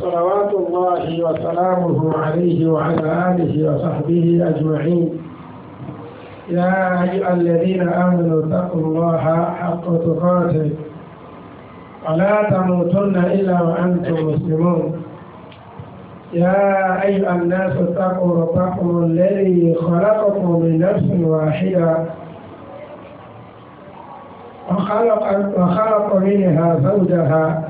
صلوات الله وسلامه عليه وعلى آله وصحبه أجمعين يا أيها الذين آمنوا اتقوا الله حق تقاته ولا تموتن إلا وأنتم مسلمون يا أيها الناس اتقوا ربكم الذي خلقكم من نفس واحدة وخلق, وخلق منها زوجها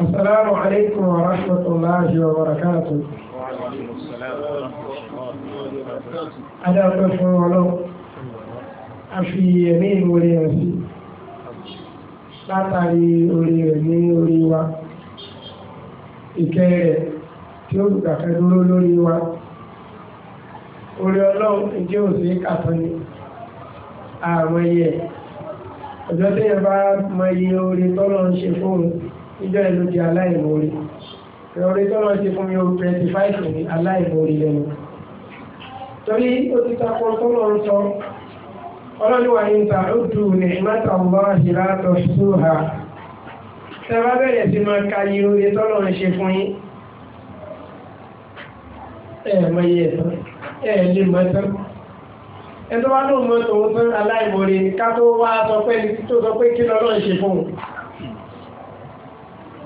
السلام عليكم ورحمة الله وبركاته وعليكم السلام ورحمة الله وبركاته a fi ẹ̀mí ìwòrè rẹ̀ sí látàrí orí rẹ̀ ní orí wa ìkẹ́ rẹ̀ tí ó gbàgbẹ́ dúró lórí wa orí ọlọ́run ìjẹ́ òsè kàtọ́ ni àmọ́ yẹ ọjọ́ tí yẹn bá mọ iye orí tọ́lọ́ ń ṣe fóun ìjọ ìlú di aláìmoore ìrọ̀rẹ́ tọ́lọ́ ti fún mi o twenty five ní aláìmoore lẹ́nu torí ó ti takò tọ́lọ́ ń sọ ọlọ́dúnwà ní ta ó du ní ìmáta ọ̀gbọ́n àṣìlá tó ṣú ha tẹ bá bẹ̀rẹ̀ sí máa ka ìrọ̀rẹ́ tọ́lọ́ ń ṣe fún yín ẹ̀ mọ iye ẹ̀tọ́ ẹ̀ lè mọ ẹ̀tọ́ ẹ̀tọ́ bá lóun mọ tòun tán aláìmoore ká tó wá sọ pé kí lọ́lọ́ ṣe fún un.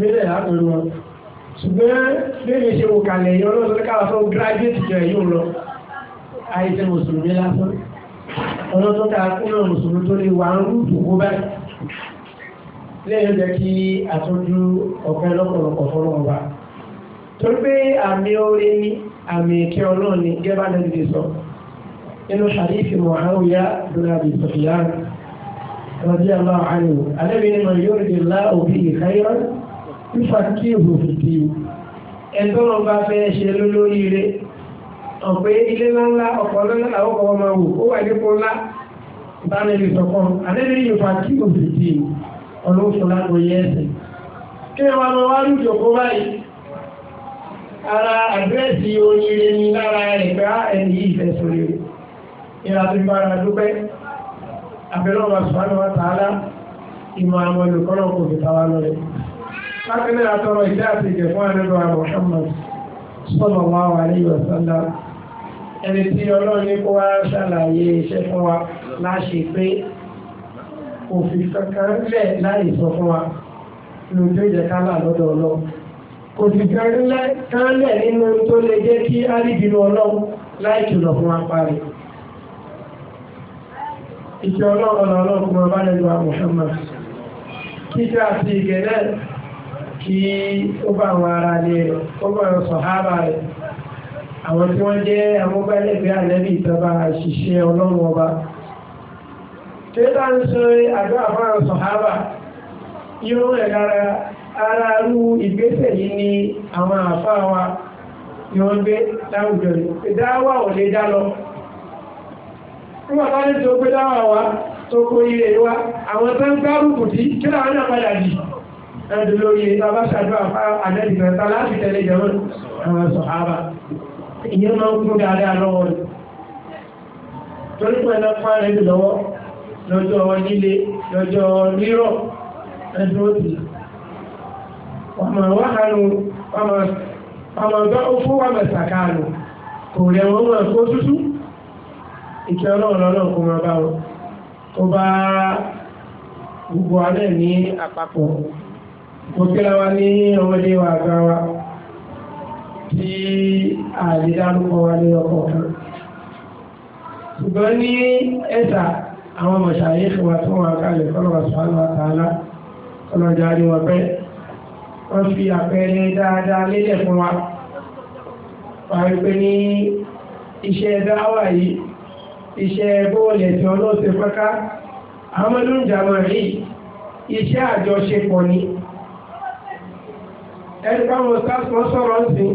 ìgbésẹ̀ lápẹ̀rẹ̀ wọn ṣùgbọ́n lẹ́yìn ṣe wò kalẹ̀ yọ lọ́sọ̀ ní káwà fún gírájúẹ̀tì jọ ẹ̀yìn lọ àìsẹ̀ mùsùlùmí lásán ọ̀nà tó ta kúnà mùsùlùmí tó lè wà ń rú dùkú báyìí lẹ́yìn jẹ́ kí àtúndú ọ̀pẹ́ lọ́pọ̀lọpọ̀ fọ́lọ́ ọba torí pé àmì orí ní àmì ìkẹ́ ọlọ́run ní gẹ́bà lẹ́dìdì sọ nínú hadithi Muawiya bin Abi Sufyan radiyallahu anhu alẹ́bí ni mo yóò rí fífàkì òfìdí ẹ̀tọ́ náà bá fẹ́ ṣe lólórí rẹ̀ ọ̀pẹ́ ilé ńláńlá ọ̀pọ̀ lọ́lá àwọn ọkọ̀ ọmọ wò ó wà nípò ńlá ìbánu ibi sọ̀kan àdébìrì yóò fàkì òfìdí ọlọ́fọ̀ lágbo yẹ ẹsẹ̀. kí ni wọn wá lù jòkó báyìí ara àdírẹ́sì oríire ni lára rẹ̀ pé á ẹni yìí fẹ́ sórí rẹ̀ ìlà tó bára dúpẹ́ àbẹ̀lọ́wọ̀ sùpánù wa tààlà ìmọ̀ àwọn olùkọ́ náà kò fi tàwa lọ́rẹ̀ lákìlẹ̀ àtọrọ ìdá àti ìjẹ̀fún àrẹ́bà Muhammad sallallahu alaihi wa sallam ẹni tí ọlọ́run ní kó wá ṣàlàyé iṣẹ́ fún wa láṣẹ pé òfin kankan lẹ̀ láì sọ fún wa lójú ìjẹ kálà lọ́dọ̀ ọlọ́run kò sì kan lẹ̀ nínú tó lè jẹ́ kí áríbìnú ọlọ́run láì kìlọ̀ fún wa parí ìṣẹ́ ọlọ́run ọlọ́run kò máa bá lẹ́nu wa Muhammad kíkẹ́ àti ìgẹ̀lẹ́ kí ó bá àwọn ará ilé rẹ̀ ó bá àwọn sọ̀hábà rẹ̀ àwọn tí wọ́n jẹ́ amúgbálẹ́gbẹ̀ẹ́ ọba tí ó bá ń sọ àdúrà fún àwọn sọ̀hábà irú rẹ̀ lára ara rú yìí àwọn wa ni gbé láwùjọ yìí ò lè dá lọ ẹ̀dùn lórí abáṣàdó àdẹ́dìfẹ́ta láti tẹ̀lé jẹun àwọn sọ̀hábà ìyẹn máa ń kú dáadáa lọ́wọ́ rẹ̀ torí pẹ̀lú ọ̀pá rẹ̀ dùn lọ́wọ́ lọ́jọ́ líle lọ́jọ́ rírọ̀ ẹ̀dùn òdì ọmọ wákàlù ọmọ ọgbọ́n fún wàmẹ̀ sàkàlù kò rẹ̀ wọ́n mọ̀ kó tútù ìkẹ́ ọlọ́run lọ́lọ́run kò máa bá wọn kó bá gbogbo alẹ́ ní àpapọ̀ mo kíra wa ní ọmọdé wa àgbà wa tí àdídárúkọ wa ní ọkọ̀ kan ṣùgbọ́n ní ẹ̀sà àwọn mọ̀ṣáyé fún wa tó wọn kálẹ̀ kọ́lọ́wà sọ́hánù àtàlá kọ́lọ́jà ni wọ́n pẹ́ wọ́n fi àpẹẹrẹ dáadáa lélẹ̀ fún wa parí pé ní iṣẹ́ dáwà yìí iṣẹ́ bọ́ọ̀lù ẹ̀sìn ọlọ́ọ̀sẹ̀ pẹ́ká àwọn ọmọdé ń jà máa rí iṣẹ́ àjọṣepọ̀ ni. ẹni káwọn stars wọn sọ̀rọ̀ ń sìn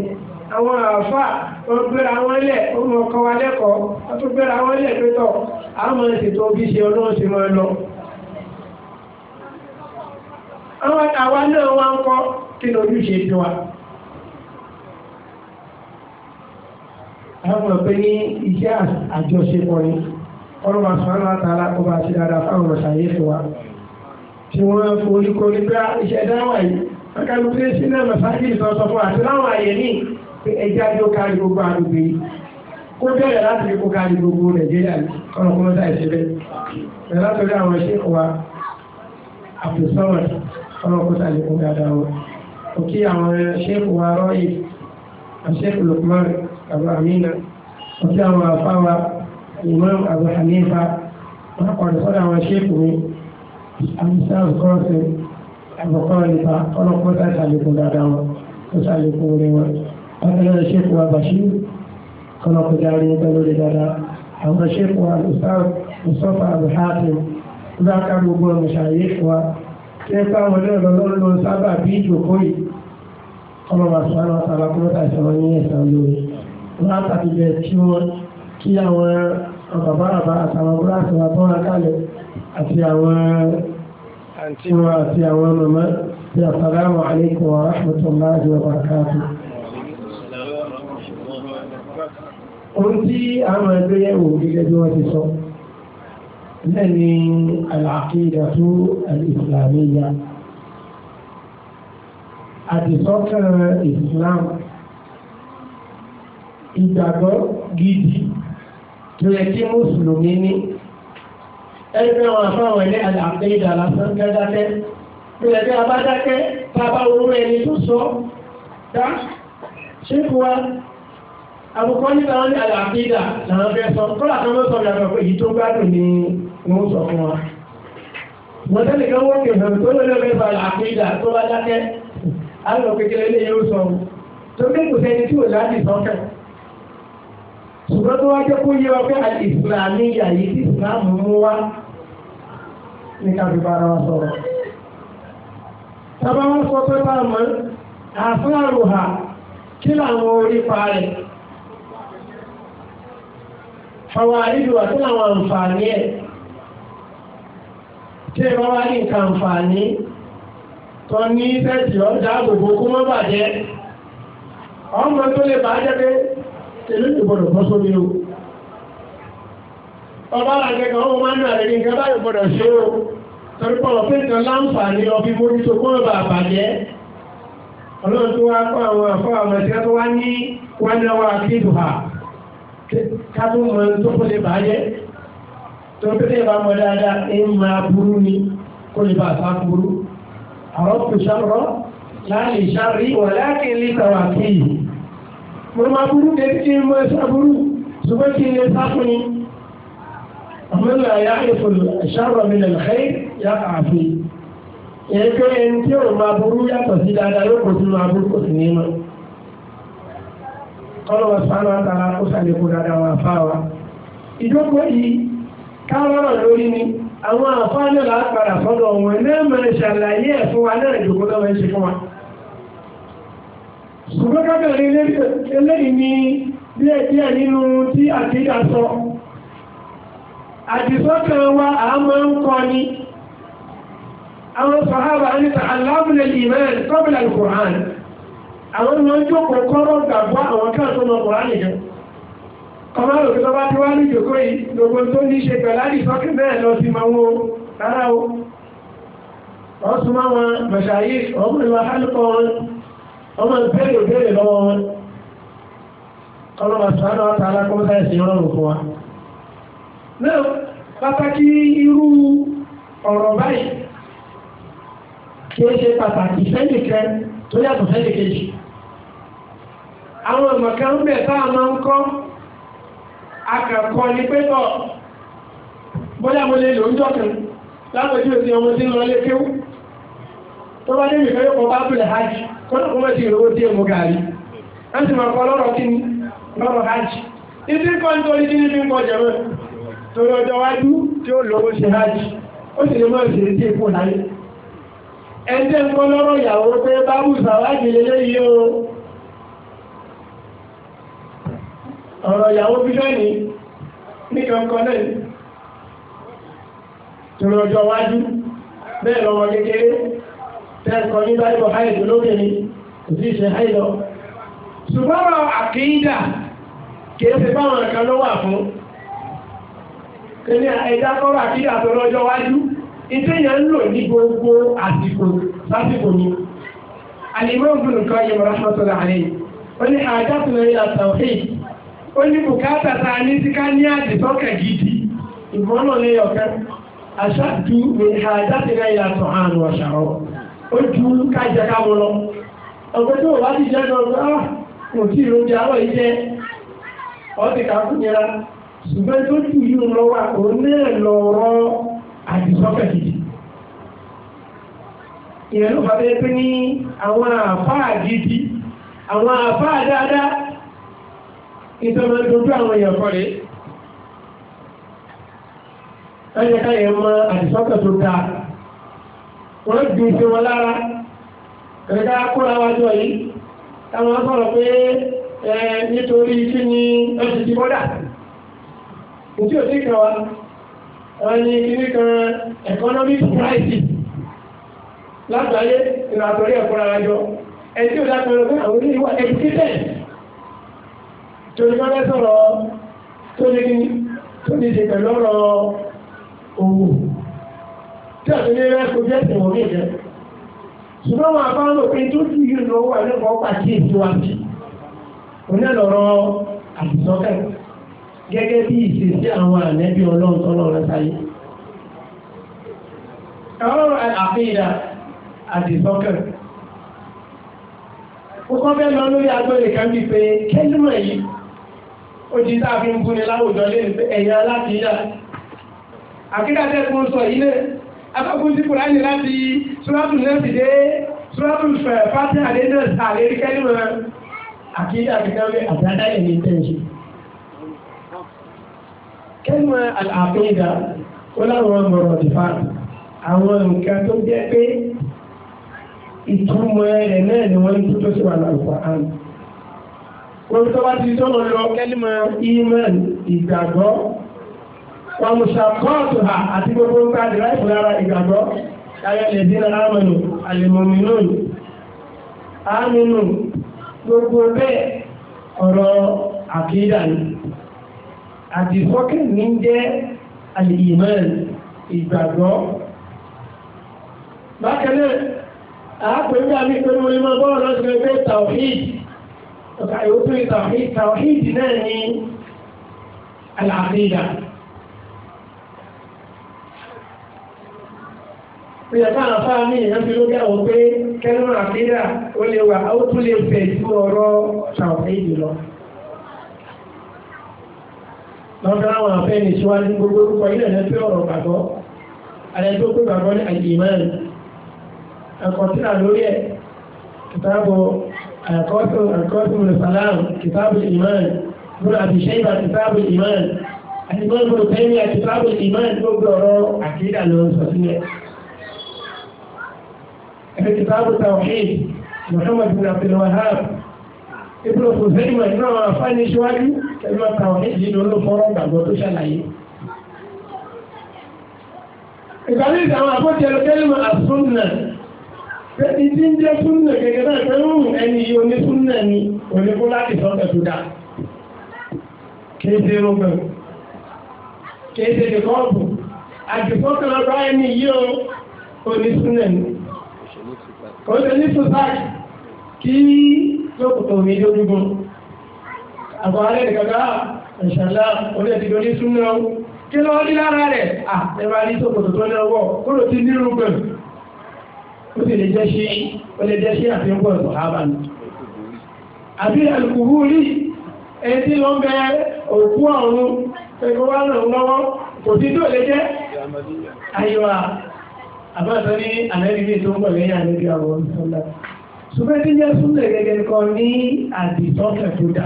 àwọn àfa wọn gbéra wọn wọn mọ ọkọ wa lẹ́kọ̀ọ́ wọn tún gbéra wọn lẹ̀ pẹ́tọ̀ àwọn ètò bí ṣe ọlọ́run ti máa lọ. àwọn àwa náà wá ń kí ni wa. àwọn ọ̀pẹ ní iṣẹ́ àjọṣepọ̀ ni àtàlà kó wa tí wọ́n forí kọ́ nígbà iṣẹ́ dáwà yìí. akẹ́lù pé sí náà mọ̀sáàkì ìsọ̀sọ̀ fún àti láwọn àyè ní ẹjẹ́ àjọ kárí gbogbo àgbègbè kó bẹ̀rẹ̀ láti kó kárí gbogbo nàìjíríà ọ̀rọ̀kùnrin sáà ìṣẹ̀lẹ̀ bẹ̀rẹ̀ látọ̀rí àwọn iṣẹ́ wa àfẹ́sọ́wọ̀n ọlọ́kùnrin sáà ìṣẹ̀lẹ̀ dáadáa wọn òkè àwọn ṣẹ́ẹ̀kù wa rọ́ọ̀yì àṣẹ́ẹ̀kù Lukman Abu Amina òkè àwọn àfáwa Imam Abu wọn kọ̀ọ̀dọ̀ sọ́dọ̀ àwọn ṣẹ́ẹ̀kù mi àmì sáà kọ́ọ̀sẹ̀ àbùkọ́ nípa ọlọ́pọ̀ tá ìsàlẹ̀kùn dáadáa wọn ó sàlẹ̀kùn orin wọn ọ̀tẹ̀lẹ̀ ṣẹ́kù àbàṣí ọlọ́pọ̀ dáadáa wọn pẹ̀lú rẹ̀ dáadáa àwọn ṣẹ́kù àbùsọ́fà àbùhátì láàká gbogbo ọmọṣàyè wa ṣe pa àwọn ilé ọlọ́run ló ń sábà bí ìjòkó yìí ọlọ́run àṣàrò àtàrà kúrò tàṣà wọn ní ẹ̀sán lórí látàbí bẹ̀ tí wọ́n kí àwọn bàbá àbá àtàwọn búrásì wa tó wà kálẹ̀ àti àwọn àǹtí wa àti àwọn màmá bí asalaamu alaykum wa rahmatulahi wa barakatu. ohun tí àwọn ẹgbẹ́ yẹn wò gẹ́gẹ́ bí wọ́n ti sọ náà ni al-aqidatu al-islamiyya ìgbàgbọ́ gidi tó yẹ kí mùsùlùmí ní ẹgbẹ́ wọn fáwọn ilé àgbẹ̀dà lásán gẹ́dákẹ́ ìrẹ̀lẹ́ abádákẹ́ bàbá orú ẹni tó sọ dá ṣékù wa àbùkọ́ nígbà wọn ní àgbẹ̀dà làwọn fẹ́ sọ kọ́lá kan ló sọ ìyàtọ̀ pé èyí tó gbádùn ni wọ́n sọ fún wa wọ́n tẹ́lẹ̀ kan wọ́n kẹfẹ́ tó lọ́lọ́ fẹ́ sọ àgbẹ̀dà tó bá dákẹ́ alọ́ kékeré lè yóò sọ tó gbé kò sẹ́ni tí ò ṣùgbọ́n tó wá jẹ́ kó yẹ wa pé àìsàn àmì ìyà yìí ti ìsìlámù mú ní káfí bára wa sọ̀rọ̀. Tábà wọn sọ pé bá ha kí làwọn orí pa rẹ̀. Fọwọ́ àríwá kí làwọn ka ẹ̀. ẹ bá wá ní nǹkan àǹfààní tó ní ọ ma àgbègbè kó má bàjẹ́. Ọmọ tó lè bàjẹ́ pé o. ọba àgbẹ̀kan ọmọ máa ń nà lẹ́yìn nǹkan báyìí gbọ́dọ̀ ṣe o torí pọ̀ pé nǹkan láǹfààní ọbí mójútó kó ọba àbàjẹ́ ọlọ́run tó wá kọ́ àwọn àfọ́ àwọn ẹ̀sẹ̀ tó wá ní wọ́n náwó àkídù ha kátó mọ tó kó lè bàjẹ́ tó ń pété ìbámu dáadáa ẹ̀ máa burú ni kó lè bàtà burú àwọn kò sọ̀rọ̀ láàrin ìṣàrí wọ̀ láàrin ilé tàwọn àkíyì mo máa burú débi kí n mọ ẹ̀sà burú ṣùgbọ́n kí n lè sá fún ni. ومن لا يعرف الشر من الخير يقع فيه yẹn pé ẹni tí máa burú yàtọ̀ sí dáadáa yóò kó sínú aburú sí ní mọ́ ọlọ́wọ́ sánú àtàrà kó sàlékún dáadáa wọn àfá wa ìjókòó yìí káwọ́rọ̀ lórí ni àwọn àfá náà lápàdà fọ́dọ̀ wọn náà máa ṣàlàyé ẹ̀ fún wa náà ìjókòó náà máa ń ṣe fún wa ṣùgbọ́n eléyìí ní nínú tí sọ àdìsọ́kàn wa àmọ́ ń kọ́ ni àwọn sọ̀hábà ní tààlámùlẹ̀ ìmẹ́rin tọ́bìlà ìkùrán àwọn ìwọ̀n jókòó kọ́rọ̀ gbàgbọ́ àwọn kan tó mọ kùrán nìkan ọmọ wá ní ìjòkó yìí gbogbo tó ní ṣe pẹ̀lú àdìsọ́kàn bẹ́ẹ̀ lọ sí o náà pàtàkì irú ọ̀rọ̀ báyìí kí ó ṣe pàtàkì tó yàtọ̀ fẹ́nìkejì àwọn ń bẹ̀ tá a máa ń kọ́ tọ̀ bóyá mo lè lò ń kan ọmọ lọ lé kéwú tó bá dé nìkan yóò gàrí láti máa kọ́ lọ́rọ̀ kí ni lọ́rọ̀ kan kí ni fi ń torí ọjọ́ wájú tí ó lọ́wọ́ ṣe hajj ó sì lè máa ṣeré tí èkó láyé ẹjẹ́ ń kọ́ lọ́rọ̀ ìyàwó pé bábù sàwájì lélẹ́yìí o ọ̀rọ̀ ìyàwó bílọ́ọ̀nì ní kankan náà torí ọjọ́ wájú bẹ́ẹ̀ lọ́wọ́ kékeré tẹ́ẹ̀kọ́ báwọn kan ló wà fún kìíní ẹ̀dá kọ́rọ̀ àkídà tó lọ́jọ́ wájú ìtẹ́yàn ń lò ní gbogbo àsìkò lásìkò ni alimọ́ ògùn nǹkan yìí wọ́n rásán sọ́dọ̀ ó ní àjàtúnlẹ̀ yìí àtàwé ó ní bùkátà tá a ní síká ní àdìsọ́kẹ̀ gidi ìmọ̀nà lẹ́yọ̀kẹ́ aṣáájú ní àjàtúnlẹ̀ yìí àtọ̀ àrùn tó ṣùgbọ́n tó jù yìí lọ́wọ́ òun náà lọ́rọ́ àdìsọ́kẹ̀ kìí ìyẹn ló fàbẹ́ pé ní àwọn àfáà gidi àwọn àfáà dáadáa ìtọ́nà dojú àwọn èèyàn kọ́ rèé ẹ̀yẹ káyẹ̀ mọ àdìsọ́kẹ̀ tó dáa wọ́n gbé e sí wọn lára kẹ̀kẹ́ kóra wa jọ yìí táwọn sọ̀rọ̀ pé nítorí kí ni ẹ̀sìn ti bọ́dà kò tí ò sí kan wa wọ́n ní kíní kan economic crisis lágbàáyé ìrìn àtọ̀rí ẹ̀kọ́ ara jọ ẹni tí ò dá pẹ̀lú pé àwọn oníwà educated tó ní kọ́lẹ́ sọ̀rọ̀ tó ní kíní tó ní ṣe pẹ̀lú ọ̀rọ̀ òwò tí àti ní ẹgbẹ́ kò jẹ́ ìwọ̀n mi jẹ́ ṣùgbọ́n wọn àbá lò pé tó tún yìí lọ́wọ́ ẹ̀lẹ́kọ̀ọ́ pàṣẹ ìtura sí onílọ̀rọ̀ àdìsọ́kẹ́ gẹ́gẹ́ bí ìṣesí àwọn ànẹ́bí ọlọ́run tọ́lọ́ rẹ sáyé. ọ̀rọ̀ àfihàn àdìsọ́kàn kókó fẹ́ lọ lórí agbóyè kan bíi pé kẹ́límọ̀ yìí ó ti tá a fi ń búni láwùjọ lẹ́nu pé ẹ̀yìn aláfíà àkíkàtẹ́ fún sọ yìí náà akọ́kùn sí kùránì láti ṣúrátù nẹ́ẹ̀sì dé ṣúrátù fàtí àdéhùn àlérí kẹ́límọ̀ àkíkàtẹ́ àti àdáyẹ̀ ní tẹ̀sí kẹ́mọ̀ àlàáfíìdà ó láwọn ọmọrọ̀ ìfà àwọn nǹkan tó jẹ́ pé ìtumọ̀ ẹ̀ náà ni wọ́n tó tó sí wà lálùfà án wọ́n tó bá ti tọ́nà lọ kẹ́límọ̀ ìmọ̀ ìgbàgbọ́ wàmùsàkọ́ọ̀tù ha àti gbogbo ń káàdì láìpẹ́ lára ìgbàgbọ́ ayẹlẹ̀ dínà ámọ̀nù àlèmọ̀mìnún ámìnù gbogbo bẹ́ẹ̀ ọ̀rọ̀ àkídà ni àdìsọ́kàn ní jẹ́ àlìyìmọ́ẹ̀lì ìgbàgbọ́ bákanáà àápẹ̀lú àmì pẹ̀lú onímọ̀ bọ́ọ̀ lọ́sí ẹgbẹ́ tàwíìd ọ̀kà ìwòtú tàwíìd tàwíìd náà ní àlàáfíìdà ìyàtọ̀ àfáà ní ìyàn fi lókè àwọn pé kẹ́lú àfíìdà ó lè wà ó tún lè fẹ̀ ju ọ̀rọ̀ tàwíìd lọ lọ́dọ̀ àwọn afẹ́ni síwájú gbogbo orúkọ ilẹ̀ rẹ̀ pé ọ̀rọ̀ gbàgbọ́ alẹ́ tó pé gbàgbọ́ ní àjìmán àkọsílà lórí ẹ̀ kìtàbù àkọ́sù àkọ́sù mùsàlám kìtàbù ìmán múlò àbíṣẹ́yìnbá kìtàbù ìmán àtìmọ́ gbogbo ọ̀rọ̀ ibùdó kò sẹ́yìn mọ̀ nínú àwọn afáàní síwájú ẹgbẹ́ táwọn méjì ní olófọ́rọ́ gbàgbọ́ tó ṣàlàyé. ìgbàlẹ́ ìtàwọn àpótẹ́lẹ̀ kẹ́lìmọ̀ àsúnà pẹ̀lú tí ń jẹ́ súnà gẹ́gẹ́ náà pẹ̀lú ẹni yìí oní súnà ni oníkó láti sọ́kẹ̀ tó dáa. kéde rògbò kéde dèkọ́ọ̀bù àdìsọ́kẹ̀ lọ́dọ̀ ẹni yìí oní súnà ni. kò yóò kò tó ní lójúgun àbọ̀ alẹ́ ìkàgá ìṣàlá orí ẹ̀dì lórí súnmọ́ kí ló rí lára rẹ̀ à ẹ̀rọ alẹ́ tó kòtò tó ní ọwọ́ kúrò tí nírú pẹ̀ ó sì lè jẹ́ ṣe ó lè jẹ́ ṣe àfihàn pọ̀ ẹ̀kọ́ hábàn àbí alùpùpù rí ẹni tí ló ń bẹ òkú ọ̀run ẹ̀kọ́ wá ràn lọ́wọ́ kò sí tó lè jẹ́ ayọ̀ àbáṣọ ní àlẹ́ ìrìn tó ń bọ̀ lẹ́yìn àlejò àwọn ọ̀sán sùgbẹ́tí jẹ́ súnlẹ̀ gẹ́gẹ́ kan ní àdìtọ́kẹ̀ tó dá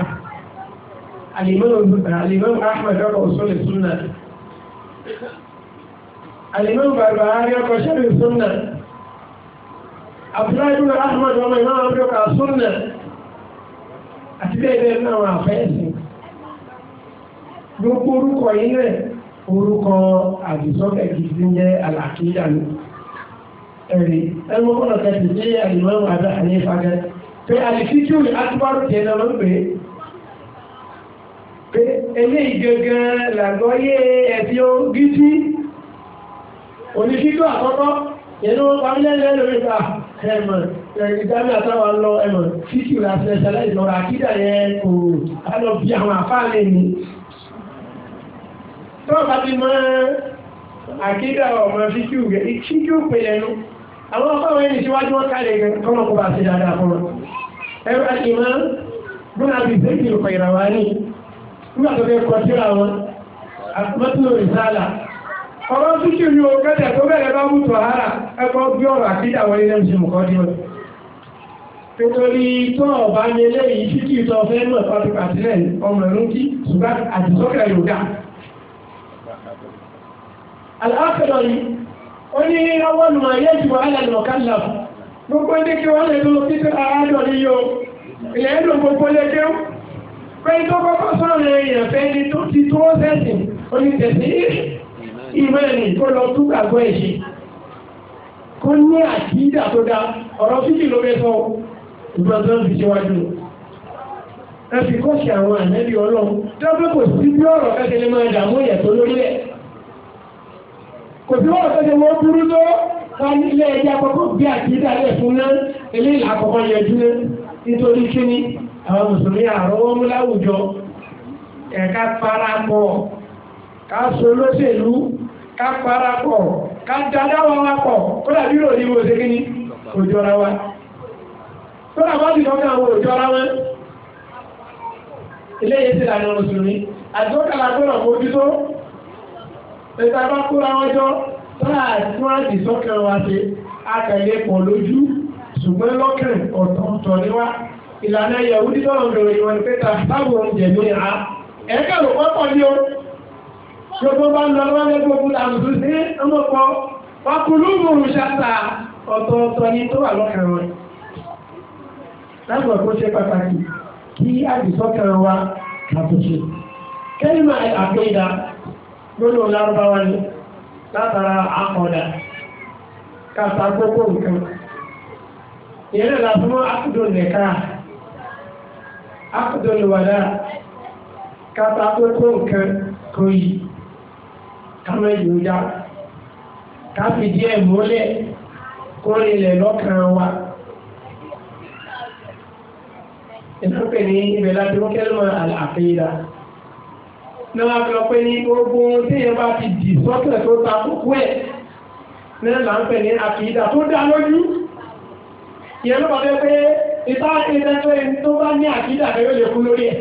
alimam ahmed ọkọ̀ òṣèlú súnlẹ̀ alimam bàbá arí ọkọ̀ ṣẹ́lú súnlẹ̀ abdullahi ahmed ọmọ ìmọ̀ ọkọ̀ súnlẹ̀ àti bẹ́ẹ̀ náà àfẹ́sì gbogbo orúkọ yìí rẹ̀ orúkọ àdìtọ́kẹ̀ gidi jẹ́ alàkíyà ni ẹ̀rí ẹgbẹ́ kọ́nà kẹsì sí àyìnbọn àbẹ́ àní ìfagẹ́ pé àlìfíkì òní atúbárò jẹ́ náà ló ń pè é pé eléyìí gangan làgbọ́yé ẹ̀sìn gidi onífíkì àkọ́kọ́ yẹn ló wọ́n pamílẹ̀ lẹ́lórí ta ah, ẹ̀mọ̀ ìdámi àtàwọn lọ ẹ̀mọ̀ fíkì òní àtẹ̀sẹ̀lẹ̀ ìlọra àkídà yẹn kò á lọ bí àwọn àfáàlẹ̀ ni tọ́ọ̀bá ti mọ́ àkídà ọmọ fíkì òní fíkì òpè yẹn lọ àwọn ọmọ ẹni síwájú wọn kálẹ̀ kọ́nà kó bá ṣe dáadáa fún wọn ẹ̀rọ ìmọ̀ gbọ́nà àbí zèkì ìrùkọ̀ ìràwá ní nígbà tó fẹ́ kọ́ síra wọn àtúmọ̀tò ìsáàlà ọ̀rọ̀ tútù ní o kẹ́tẹ̀ tó bẹ̀rẹ̀ bá mú tọ̀hárà ẹ̀kọ́ bí ọ̀rọ̀ àkídà wọlé lẹ́nu sí mùkọ́ dí wọn nítorí tó ọ̀bá ní eléyìí títí ìtọ́ fẹ́ mọ̀ pátápátá lẹ́yìn ọmọ ẹ̀rún kí ṣùgbọ́n àdìsọ́kẹ̀ yóò dá. àlàáfẹ́ lọ ni ó ní ọwọ́ nù ayé jù wàhálà lọ kálà gbogbo ní kí wọ́n lè lọ sí pé àádọ́ ní yóò ilẹ̀ ẹ̀dùn gbogbo lẹ́jẹ́ pé tó kọ́kọ́ sọ̀rọ̀ èèyàn fẹ́ ni tó ti tó sẹ́sìn onítẹ̀sí ìmọ̀ ẹ̀nì kó lọ tú gbàgbọ́ ẹ̀ṣẹ̀ kó ní àtìdá tó dá ọ̀rọ̀ fíjì ló fẹ́ sọ ìgbọ̀nsán fi síwájú ẹ fi kọ́ ṣe àwọn ànẹ́bí ọlọ́run tó pé kò sí bí ọ̀rọ̀ kẹ́kẹ́ lè máa dààmú ẹ̀yà tó lórílẹ̀ kò sí wọ́n tó ṣe wọ́n burú tó ká nílé ẹja kọ́kọ́ bí àti ìdálẹ̀ fún náà eléyìí àkọ́kọ́ yẹjú náà nítorí kíni àwọn mùsùlùmí àrọ́wọ́ mú láwùjọ ẹ̀ka parapọ̀ ká so lóṣèlú ká parapọ̀ ká dáadáa wa pọ̀ kó dàbí ìròyìn wo ṣe kíni òjọra wa tó dàbá ti sọ fún àwọn òjọra wọn eléyìí ti dànù mùsùlùmí àti ó kàlà gbọ́dọ̀ mójútó ẹ̀ta bá kóra wọn jọ táà tí wọ́n ti sọ́kàn wa ṣe àtẹ̀lé pọ̀ lójú ṣùgbọ́n lọ́kàn ọ̀tọ̀ọ̀tọ̀ ni wá ìlànà Yahudi tọ́lọ̀ ń dọ̀rọ̀ ìwọ̀n pẹ́ta báwo ń jẹ̀ ní a ẹ̀ka ló pọ́pọ̀ ní o gbogbo bá ń lọ lọ́wọ́ gbogbo làǹtù sí ọmọkọ wakulúmù ṣàtà ọ̀tọ̀ọ̀tọ̀ ni tó wà lọ́kàn wọn lágbọ̀n tó ṣe pàtàkì kí àdìsọ́kàn wa kàtó kẹ́lí máa àpéjà lórí ọ̀lárúbáwá ni látara àkọ̀dà kàtà gbogbo nǹkan ìyẹn náà láti mọ́ ákùdò nìka ákùdò lùwàdà kàtà gbogbo nǹkan kò yí kámẹ́ yóò dá káfí díẹ̀ mọ́lẹ̀ kó rinlẹ̀ lọ́kàn wa. ìnáwó pè ìbẹ̀lá tó kẹ́lùmọ́ àlàáfíà ní wọn fi ọpẹ́ ní gbogbo tí yẹn bá ti dì sọ́tẹ̀ tó ta kókó ẹ̀ ní là ń pè ní àkìdá tó dá lójú ìyẹn ló wọlé pé ìta ìdẹ́gbẹ́ tó bá ní àkìdá rẹ̀ yóò lè kú lórí ẹ̀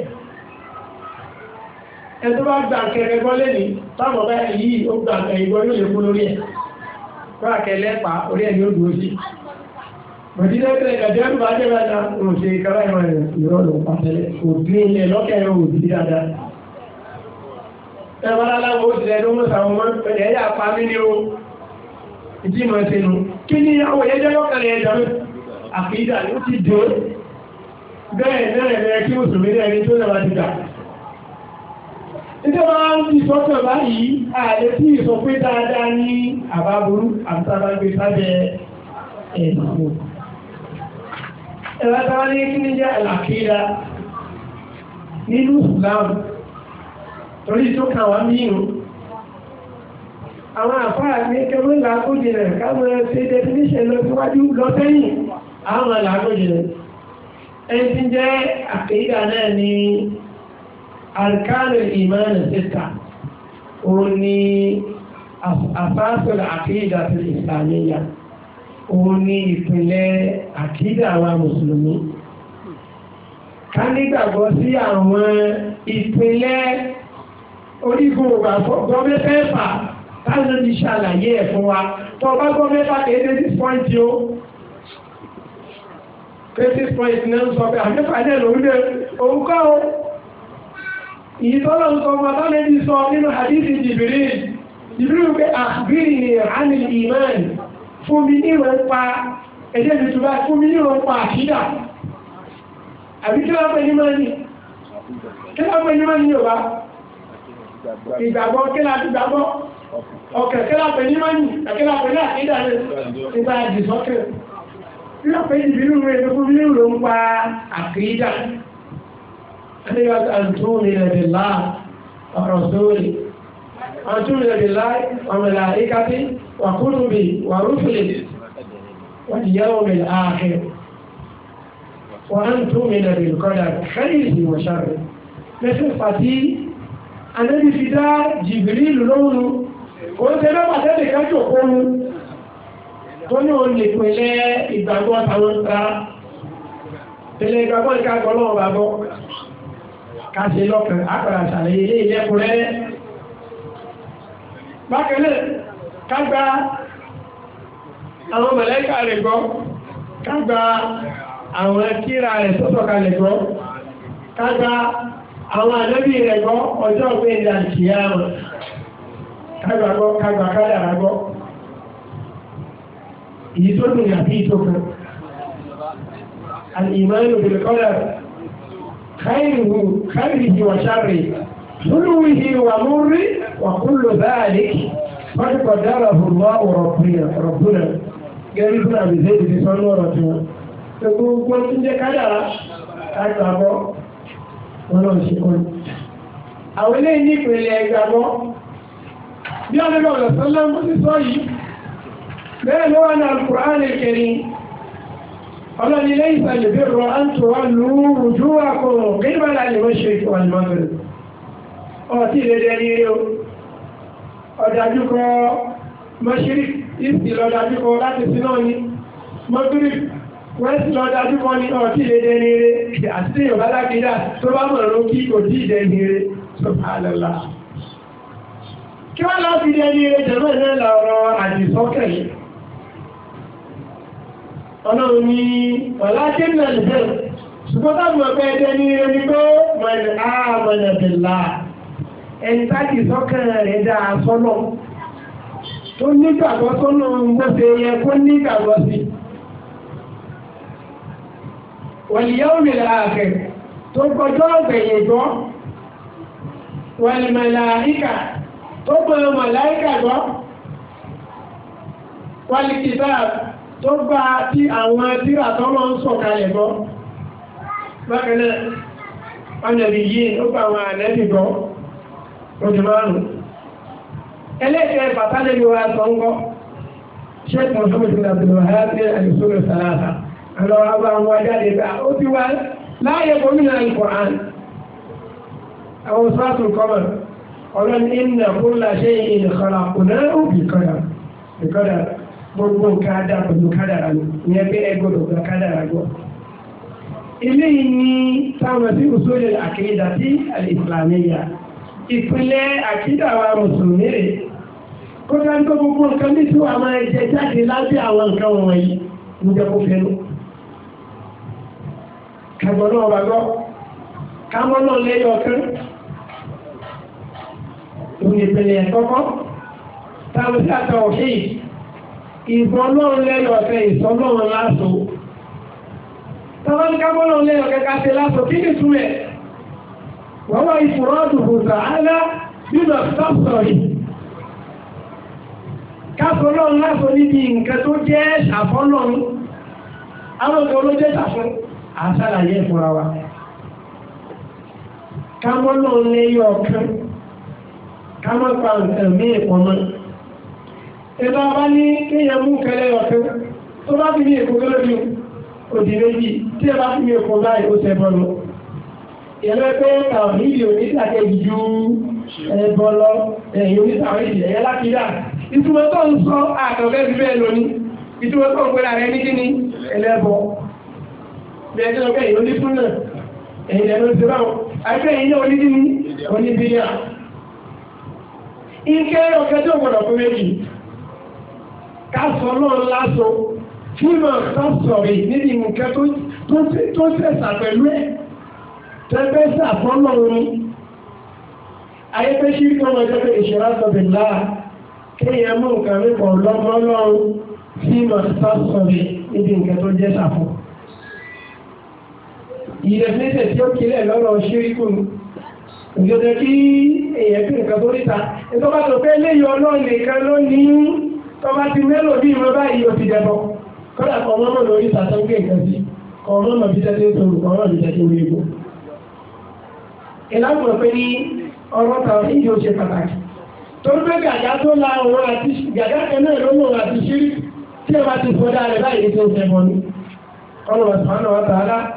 ẹ̀ tó bá gbà kẹrẹ gbọ́ lẹ́ni táwọn ọba èyí ó gbà ẹ̀yìnbọn yóò ẹwọ́n aláwọ̀ òṣìṣẹ́ ló mú sàwọn ọmọ pẹ̀lẹ̀ ẹ̀yà pa mí ní o ìdí mọ̀ ṣe nù kí ni àwọn ẹ̀yẹ́jọ́ yọ́kàlẹ̀ ẹ̀jọ́ àfihàn ló ti dé bẹ́ẹ̀ bẹ́ẹ̀ bẹ́ẹ̀ kí mùsùlùmí náà ẹni tó náà wá ti gbà. nítorí wọn ń fi sọ́kàn báyìí ààrẹ tí ìsọ pé dáadáa ní àbá burú àbúsábàgbé sábẹ́ ẹ̀nàmó. ẹ̀rọ táwọn ní kí ni jẹ́ àlàkíra nínú ìsìlámù torí tó kà wá mírùn àwọn àfáà ní kẹmọ́lá kó jìnà káwọn ṣe definition lọ síwájú lọ sẹ́yìn àwọn làákó jìnà ẹni tí jẹ́ àkéyà náà ní arkanu iman sita òun ni àfáàsọ̀rọ̀ àkéyà tó ìsàmìyà òun ni ìpìlẹ̀ àkéyà àwọn mùsùlùmí ká nígbàgbọ́ sí àwọn ìpìlẹ̀ orígun ògbà gbọ́ mẹ́fẹ́fà táwọn ti ṣàlàyé ẹ̀ fún wa tó o bá gbọ́ o dé na náà ń sọ pé àmẹ́fà náà ka o ìtọ́lọ̀ ń sọ ọmọ tọ́lẹ̀ ti sọ nínú hadithi jìbìrì jìbìrì àgbìrì àmì fún mi ní ìwọ̀n pa mi tó bá fún mi ní ìwọ̀n pa àkídà àbí kí wọ́n mọ́ni kí wọ́n ìgbàgbọ́ kí la ti gbàgbọ́ ọ̀kẹ̀ kí la pè ní mọ́nì kí la pè ní àkídà rẹ̀ nípa àdìsọ́kẹ̀ kí la pè ní ìbínú rẹ̀ tó fún mi ló ń pa àkídà ẹni wá àtúnrí rẹ̀ láà ọ̀rọ̀ sórí àtúnrí rẹ̀ láà ọmọlá ìkàtí wà kúrò bí wà rúfìlì wọ́n ti ànábì fi dá jìbìrìlù lóhùn òun ṣe lọ́pàá tẹ́lẹ̀ kájọ kóhun tó ní òun lè pẹ̀lẹ́ ìgbàgbọ́ àtàwọn ta pẹ̀lẹ́ ìgbàgbọ́ ìka gbọ́lọ́wọ́ bàbọ́ ká ṣe lọ́kàn àpàrà ṣàlàyé ilé ìlẹ́kùnrẹ́rẹ́ bákẹ́lẹ̀ ká gba àwọn mọ̀lẹ́kà rẹ̀ gbọ́ ká gba àwọn kíra rẹ̀ sọ́sọ̀ kalẹ̀ gbọ́ ká gba àwọn ànábì rẹ̀ gbọ́ ọjọ́ ògbé ìlà ìkìyàmù kágbàgbọ́ kágbàkádàrà gbọ́ èyí tó dùn àbí ìtòkù alìmọ́lù bìlkọ́lá káìrìhù káìrìhì wà sáré lúlùwìhì wà múrí wà kúlù báàlì fọ́dùkọ̀ dára hùwà rọ̀bùnà gẹ́rí fún àbìsẹ́ ìdí sọ́nù ọ̀rọ̀ tí wọ́n gbogbo ń jẹ́ wọn náà ṣe kọ́ àwọn eléyìí ní ìpínlẹ̀ ìgbàgbọ́ bí wọn lọ lọ sọlá ń bó ti sọ yìí bẹ́ẹ̀ ló wà ní Al-Qur'an al-Karim ọlọ́ni lẹ́yìn ìsàlẹ̀ bí rọ àǹtò wà lù rùjú àkọ́ kí bá la lè wọ́n ṣe ìfọ̀ àlùmọ́bẹ̀rẹ̀ ọtí dédé ní ilé o mọ́ṣírí ìsì láti sinọ́ ni mọ́gírì wọ́n ti lọ dájú kan ní ọtí lè dẹni eré àti tí yorùbá lákìdá tó bá mọ̀ ló kí kò tí ì dẹni eré tó bá lọ́la. kí wọ́n lọ fi dẹni eré jẹ̀mọ́ náà lọ́rọ̀ àdìsọ́kẹ̀ yìí. ọlọ́run ní ọ̀la kéńdà nìbẹ̀ ṣùgbọ́n táwọn ọ̀pẹ dẹni eré ni pé mọ̀nà àmọ̀nà bìlà ẹni táàkì sọ́kẹ̀ rẹ̀ dá sọ́nà tó nígbàgbọ́ sọ́nà ń gbọ́ wàlíyàwómi làákẹ́ tó gbọjọ́ ọ̀gbẹ̀yìn gbọ́ wàlìmàláíkà tó gbọ́ màláíkà gbọ́ wàlìkìtà tó gbà tí àwọn tíra tó lọ ń sọ̀kalẹ̀ gbọ́ bákan náà ọ̀nàbí yìí ó gbà àwọn ànẹ́bí gbọ́ ojú márùn-ún ẹlẹ́ẹ̀kẹ́ bàtà lẹ́yìn wa sọ ń gbọ́ ṣé kò sọ́mọ́sí ní àbúrò àyàtì àyùsọ́rọ̀ sàlàsà ọ̀rọ̀ àbá wọn jáde bá ó ti wá láàyè gómìnà ìkọ̀án àwọn sọ́ọ̀tù kọ́mọ̀ ọlọ́run ìnà kúnlá ṣe ìkọ̀lá kùnà òbí kọ́dà ìkọ́dà gbogbo kádà pẹ̀lú kádàrà ni ìyẹn pé ẹ gbọdọ̀ gba kádàrà gbọ́. ilé yìí táwọn sí usulul aqidati al-islamiyya ìpínlẹ̀ àkídà mùsùlùmí rèé kódà ń tó gbogbo nǹkan ní tí wàá máa jẹ jáde lábẹ́ àwọn nǹkan wọ̀nyí kẹgbọ́n náà wà gbọ́ kámọ́ náà lẹ́yọ̀ ọ̀kan òun ìpìlẹ̀ ẹ̀kọ́kọ́ táwọn sí àtọ̀ òṣèyí ìbọn náà lẹ́yọ̀ ọ̀kan ìsọ náà láṣọ táwọn kámọ́ náà lẹ́yọ̀ ọ̀kan káṣe láṣọ kí ni túmẹ̀ wọ́n wá ìfúrọ́dù bùtà áńlá nínú ọ̀sọ́ọ̀sọ̀ yìí káṣọ náà láṣọ níbi nǹkan tó jẹ́ ṣàfọ́nà àwọn ọ̀gá olójẹ́ ṣàfọ́nà àṣàlàyé ìfúnra wa kámọ́ náà lé yọ ọ̀kan kámọ́ pa nǹkan mí ìpọ́nmọ́ ẹ̀dá bá ní kéèyàn mú kẹlẹ́ ọ̀kan tó bá fi ní èkó kẹlẹ́bí òdì méjì tí ẹ bá fi ní èkó báyìí ó ṣe bọ́ lọ ìyẹn pé tàbí onídàkejì ju ẹbọ lọ ẹ̀yìn onídàkejì ẹ̀yẹ lákìdá ìtumọ̀ tó ń sọ àtọ̀kẹ́ bíbẹ́ lónìí ìtumọ̀ tó ń pera bí ẹjọ́ lọ́gbẹ́ yìí lóní fún náà ẹ̀yìn ẹ̀rọ ti báwọn àgbẹ̀ yìí ní onídìí ní onídìíyà. ike ọ̀kẹ́jọ́ gbọ́dọ̀ fún méjì ká sọ náà láṣọ fíìmù sọ́sọ̀rì níbi nǹkan tó ṣẹ̀ṣà pẹ̀lú ẹ̀ tẹ́gbẹ́ sàfọ́nà omi ayẹ́gbẹ́ sí ọmọ ẹgbẹ́ pé ìṣẹ́lá sọ̀bẹ̀ láà kéèyàn mú nǹkan mẹ́kọ̀ọ́ lọ́gbọ́n lọ́rùn fíìmù sọ́sọ̀rì níbi nǹkan tó jẹ́ sàfọ́nà ìrẹ̀lẹ́sẹ̀ tí ó kílẹ̀ lọ́rọ̀ ṣíríkù ìjọdẹ kí èyàn kí nǹkan tó ríta ẹ̀tọ́ bá tó fẹ́ léyìn ọlọ́run nìkan ló ní tó bá ti mélòó bí ìmọ̀ báyìí ó ti dẹ̀bọ̀ kọ́lá kan wọ́n mọ̀ lórí ìta tó ń gbé nǹkan sí kan wọ́n mọ̀ bí tẹ́tẹ́ tó kan wọ́n mọ̀ tẹ́tẹ́ wí egbò. ìlànà pé ní ọ̀rọ̀ ta ní ìjọ ṣe pàtàkì tó ń gbé gàdá tó la òun àti gàdá kan náà ló mọ̀ òun àti ṣírí tí ẹ bá ti fọdá rẹ̀ báyìí tó ń fẹ́ mọ́ ni ọlọ́run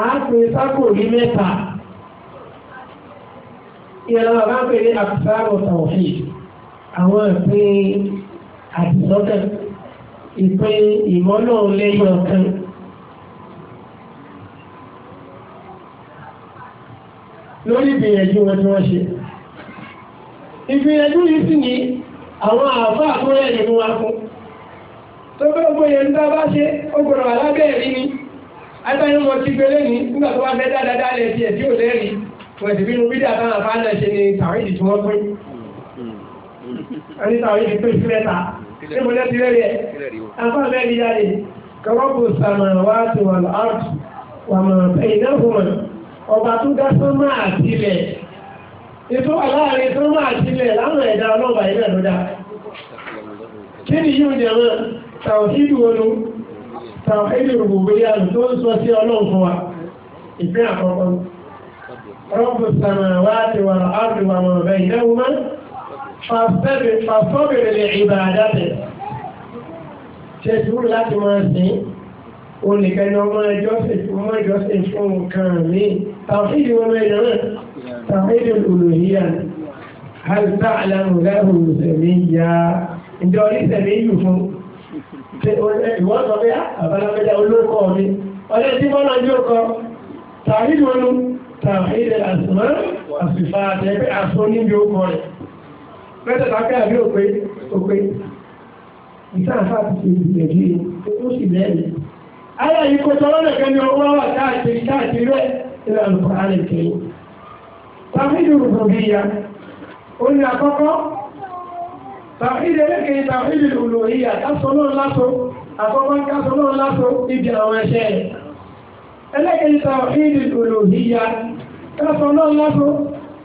àápè sákò ní mẹ́ta ìyẹn bá ń pè ní àkùsáàrò tàwọ̀fì àwọn ìpín àdìsọ́kàn ìpín ìmọ́nà lẹ́yìn ọ̀kan. lórí ìgbìyànjú wọn tí wọ́n ṣe ìgbìyànjú yìí sì ní àwọn wa fún tó bẹ́ẹ̀ ń dá bá ṣe ó gbọ́dọ̀ alábẹ́ẹ̀rí ni. agbẹ́nu wọn ti gbélé ní nígbà tó wá fẹ́ dáadáa lẹ̀ tiẹ̀ tí ò lẹ́rìí wọ́n ti bínú bídà táwọn afá náà ṣe ni tàwídì tí wọ́n pín ẹni tàwídì pín sí mẹ́ta ṣé mo lẹ́tí lẹ́rìí ẹ̀ afá mẹ́rin jáde kọ́kọ́ samawati wal ard wa ma bainahuma ọba tó dá sánmà àtìlẹ̀ ètò wà láàrin sánmà àtìlẹ̀ láwọn ẹ̀dá ọlọ́ọ̀bà yìí náà kí ni yóò tàwọn èdè rògbòbéyà tó ń sọ sí ọlọ́run fún wa ìpín àkọ́kọ́ rọ́pù sàmàwáàtì wà áàdì wà mọ̀ bẹ́ẹ̀ ìdáwó mọ́ fàfọ́bìrì lè ìbà àdábẹ̀ ṣe sùúrù láti máa sìn olùkẹ́ ní ọmọ ẹjọ́sìn ọmọ ẹjọ́sìn fún nǹkan mi tàwọn wọn mẹ́rin náà tàwọn èdè olùhíyà hal ta'lamu lahu samiyya ǹjẹ́ orí sẹ̀mí yù fún ìwọ́n sọ pé ah, àbálápẹ́já olóòkọ́ mi ọjọ́ tí wọ́n náà yóò kọ tààrí lónú tààrí rẹ̀ àsìmọ́ àsìfà àtẹ́gbẹ́ àsọ níbi ó kọ rẹ̀ mẹ́tẹ̀ẹ̀ta pé àbí òpé òpé ìtàǹfà ti ṣe ìgbẹ̀jú ó sì bẹ́ẹ̀ ayé yìí kò tọrọ nìkan ni ọwọ́ wà káàkiri káàkiri rẹ̀ nílẹ̀ àlùkò àlè kẹ́yìn tààrí lónú tàwíìdì ẹlẹ́kẹ̀ẹ́ tàwíìdì olóyè àtàsọ́nà lásọ àkọ́kọ́ kásọ́nà lásọ ibi àwọn ẹ̀ṣẹ̀ rẹ̀ ẹlẹ́kẹ̀ẹ́ tàwíìdì olóyè kásọ́nà lásọ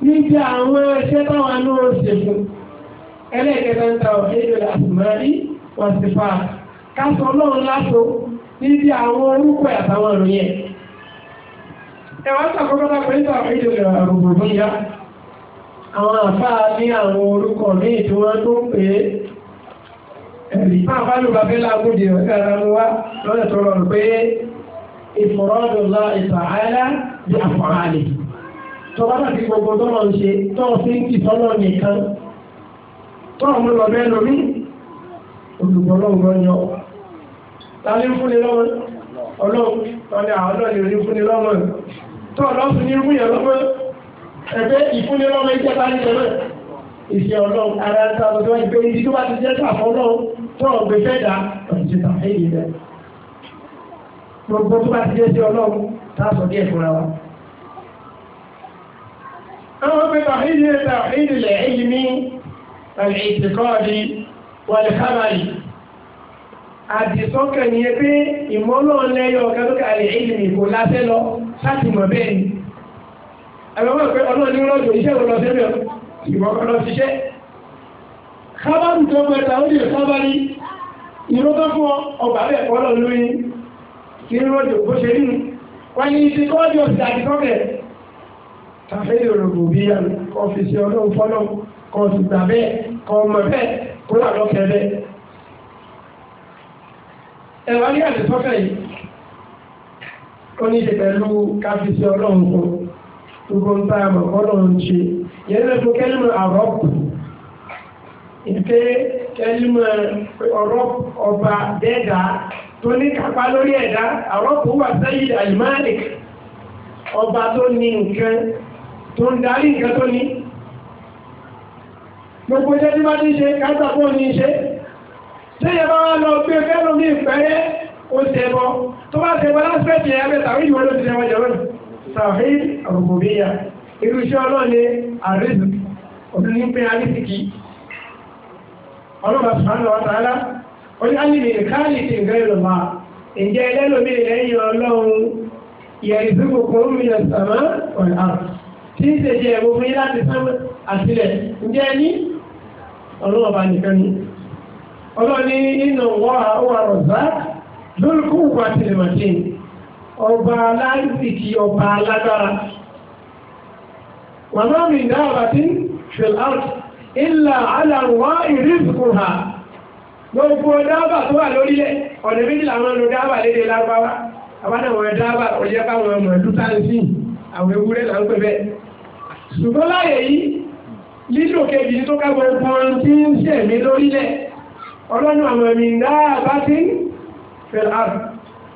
níbi àwọn ẹ̀ṣẹ̀ táwọn anú ṣègùn ẹlẹ́kẹ̀ẹ́ tàwíìdì àtùmáyí wọ́n ti fa lásọ àwọn àfáà ní àwọn orúkọ ní ìtúwọ́n tó ń pè é ẹ̀rí máa bá lù bàbá lágùdì ọ̀gára ló wá lọ́dọ̀ tó rọrùn pé ìfọ̀rọ̀dọ̀ lọ ìtàhálà bí àfọ̀hálì tọ́ba náà ti gbogbo tọ́lọ̀ ń ṣe tọ́ọ̀ sí ń kì tọ́lọ̀ nìkan tọ́ọ̀ mú lọ bẹ́ẹ̀ lómi olùgbọ́ lọ́wọ́ yan tàbí fúnni lọ́wọ́ ọlọ́run tọ́ni àwọn ọlọ́run rí fúnni lọ́wọ́ tọ́ọ̀ lọ́sùn ní fún yẹn lọ́wọ́ ẹgbẹ́ ìfúnni lọ́mọ iṣẹ́ bá ní tẹ́lẹ̀ iṣẹ́ ọlọ́run ara ń sábà tó wá gbé ibi tó bá ti jẹ́ sàfọ́ ọlọ́run tó ọ̀ gbé fẹ́ẹ̀dá ọ̀dùnjẹ́ sàfẹ́ yìí rẹ̀ gbogbo tó bá ti jẹ́ sí ọlọ́run táàsọ̀ díẹ̀ fúnra wa. àwọn pépà ìdílé ta ìdílé èyí ní ìtìkọ́ọ̀dì wọlé kábàlì àdìsọ́kẹ̀ ni pé ìmọ̀lọ́ọ̀lẹ́yọ̀ kẹ́lókè àlè ìdílé kò bẹ́ẹ̀ ni ẹ̀rọ mọ̀ pé ọlọ́run ní rọ́ọ̀dù iṣẹ́ ìwọ̀n lọ́sẹ̀ mẹ́ ìwọ̀n kan lọ ṣiṣẹ́ kábàrù tó mẹ́ta ó lè sábàrí ìró tó fún ọgbà rẹ̀ pọ́lọ̀ ní àti kọ́kẹ̀ yìí ó ní ṣe pẹ̀lú káfíìsì ọlọ́run fún gbogbo ń tá a mọ̀ kọ́ lọ́n ń ṣe yẹn náà fún kẹ́límọ̀ àrọ́pù ìpè kẹ́límọ̀ ọ̀rọ̀pù ọba dẹ́ẹ̀dá tó ní kápá lórí ẹ̀dá àrọ́pù wà sẹ́yìn àlùmáàlì ọba tó ní nǹkan tó ń darí nǹkan tó ní gbogbo iṣẹ́ tí wọ́n ti ṣe káàtà fún ní ṣe lẹ́yìn bá wá lọ gbé fẹ́ràn ní ìpẹ́rẹ́ ó tó bá ṣẹbọ lásìkò ẹ̀jẹ̀ ẹ̀mẹ́ta ó yìí ló ti ṣẹbọ jẹ̀wọ́n nù sàhí àrùbòbíyà irú iṣẹ́ ọlọ́ni àrídù ọdún ní pé alísìkì ọlọ́ba sùmánà wà tààlà ó ní alìlè káàlì ti nǹkan ìlú ma ǹjẹ́ ẹlẹ́lòmí lẹ́yìn ọlọ́run ìyẹ̀rì sí gbogbo mìíràn sàmá ọ̀nà àrùn tí ń ṣe jẹ́ ẹ̀wọ̀n fún yín láti sánmọ́ àtìlẹ̀ ǹjẹ́ ẹ ní ọlọ́ọ̀bá nìkan ni ọlọ́ni nínú wọ́n àwọn àrọ̀zá lórúkú wà tìlẹ̀mọ̀tì ọba aláìsìkì ọba alágbára wà náà mi dá ọba tí fìlàt ìlà aláwọ̀ ìrìsìkòhà gbogbo dábà tó wà lórílẹ̀ ọ̀nà méjìlá wọn lo dábà lédè lárúbáwá àbádàwọn dábà ọjọ́ káwọn ọmọ ìlú táǹsì àwọn ewúrẹ́ là ń pè bẹ́ẹ̀ ṣùgbọ́n láyé yìí lílò kejì tó ká gbogbo ohun tí ń ṣẹ̀mí lórílẹ̀ ọlọ́nà àwọn mi dá ọba tí fìlàt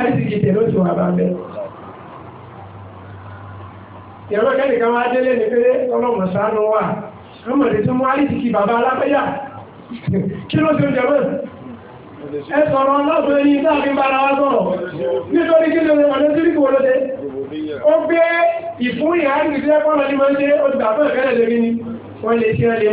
àìsíkì tẹ̀lé oṣù wà bá ń bẹ́. ìyàwó kẹ́nìkan wá délé ní pé ọlọ́mọ sánú wà ọmọ rẹ̀ tó mú àìsíkì bàbá alápẹ́yà kí ló ṣe ń jẹun ẹ sọ̀rọ̀ ọlọ́sọ̀ ẹni sáàfin bára wá sọ̀rọ̀ nítorí kí ló ṣe ọ̀nà sí kò lóde ó gbé ìfún ìhárìsí ẹ̀kọ́ lọ́dí máa ń ṣe ó ti gbà fún ìfẹ́lẹ̀ lórí ni wọ́n lè ṣe ẹ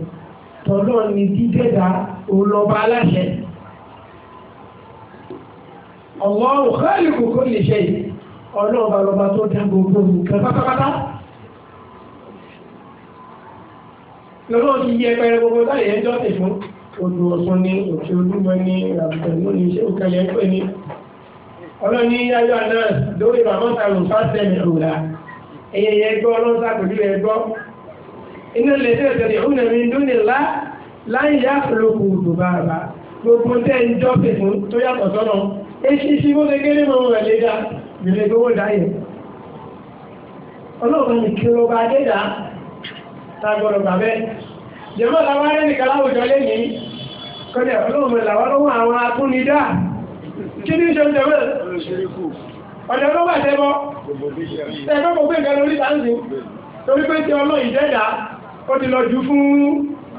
tọ́lọ́ ni dídẹ́dà olọ́ba aláṣẹ. Allahu khaliqu kulli shay ọlọ́ọ̀ba lọ́ba tó dá gbogbo nǹkan pátápátá. lọ́wọ́ ti yẹ pẹ́rẹ́ gbogbo táyà ẹjọ́ ti fún odò ọ̀sán ní òkè olúmọ ní àbùtẹ̀nú ní iṣẹ́ òkèlè pé ní ọlọ́ni yáyọ náà lórí bàbá ọ̀sán lòún fásitì ẹ̀mí òwúrà ẹ̀yẹ̀yẹ̀ gbọ́ ọlọ́sàkùnrin ẹ̀gbọ́ iná lè dé ọ̀dọ̀ ìhùn ẹ̀mí dúnì ńlá láyé yá àpòlọpọ̀ òdò bàbá gbogbo tẹ́ ń jọ́ pè fún tó yàtọ̀ sọ́nà eṣi ṣi bó ṣe kéré mọ́ rẹ̀ lé dá ìrìn gbowó dáyé ọlọ́ọ̀kan ní kí ló bá dé dá tágbọ́dọ̀ bàbẹ́ jẹ́mọ́ làwọn arẹ́ nìkan láwùjọ lé ní kọ́dẹ̀ ọlọ́ọ̀mọ̀ làwọn lọ́wọ́ àwọn akúnidá kí ní ṣe ń jẹ́ ọ̀dẹ̀ ọlọ́wọ́ àtẹ́bọ́ ẹ̀kọ́ gbogbo ìgbàlórí tàǹsì torí pé ti ọlọ́ ìjẹ́dàá ó ti lọ jù fún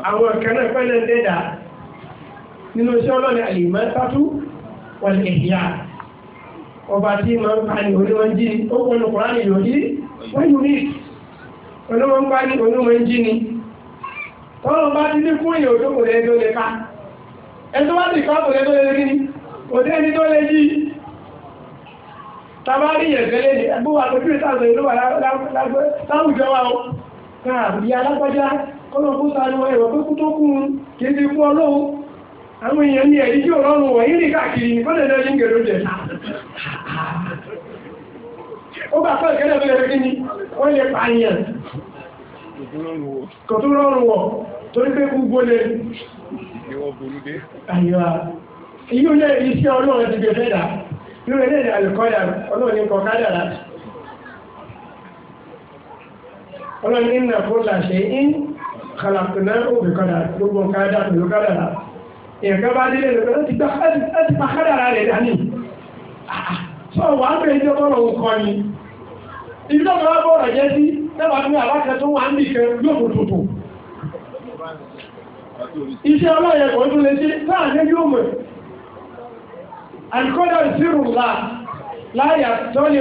àwọn ọ̀kẹ́ náà pẹ́lẹ́ dẹ́dà nínú iṣẹ́ ọlọ́ni àlìmọ́ sátú wọlé ìyá ọba tí máa ń pa ní onímọ̀jí ni ó wọnú kùránì lòdì wọ́n yù ní onímọ̀ ń pa ní onímọ̀jí ni tọ́lọ́ bá ti ní fún èèyàn tó kò lè tó lè ká ẹ̀tọ́ bá ti ká kò lè tó lè rí ni kò dé ní tó lè yí tabari yẹ̀fẹ́ lé ní ẹgbẹ́ wa tó kí káàbí alágbájá ọlọ́pù sáré wọn ẹ̀rọ pípú tó kún kéde fún ọlọ́wọ́ àwọn èèyàn ní ẹ̀rí tí ò rọrùn wọ̀nyí ní káàkiri ní kọ́lẹ̀ náà yín gẹ̀rọ jẹ̀ ó bá pẹ́ ìkẹ́lẹ̀ tó yẹ kí ni wọ́n lè pààyàn kò tó rọrùn wọ̀ torí pé gbogbo lè àyíwá èyí ó lẹ́ iṣẹ́ ọlọ́run ti gbẹ̀fẹ́ dà ọlọ́run ní nà fún làṣẹ ń kàlàkùnà òbíkọ́dà gbogbo nǹkan dà pẹ̀lú kádàrà èèyàn bá délé rẹ̀ ló ti gbà láti pa kádàrà rẹ̀ dání sọ ah, wà á bẹ̀rẹ̀ ìjọba ọ̀rọ̀ nǹkan ni ibi tó máa bọ̀rọ̀ jẹ́ sí lẹ́wà ní aláṣẹ tó wà ń bì kan yóò mú tuntun iṣẹ́ ọlọ́yẹ kò tún lè ṣe láà yóò mọ̀ àkọ́dọ̀ ìṣirò ńlá láyà tó lè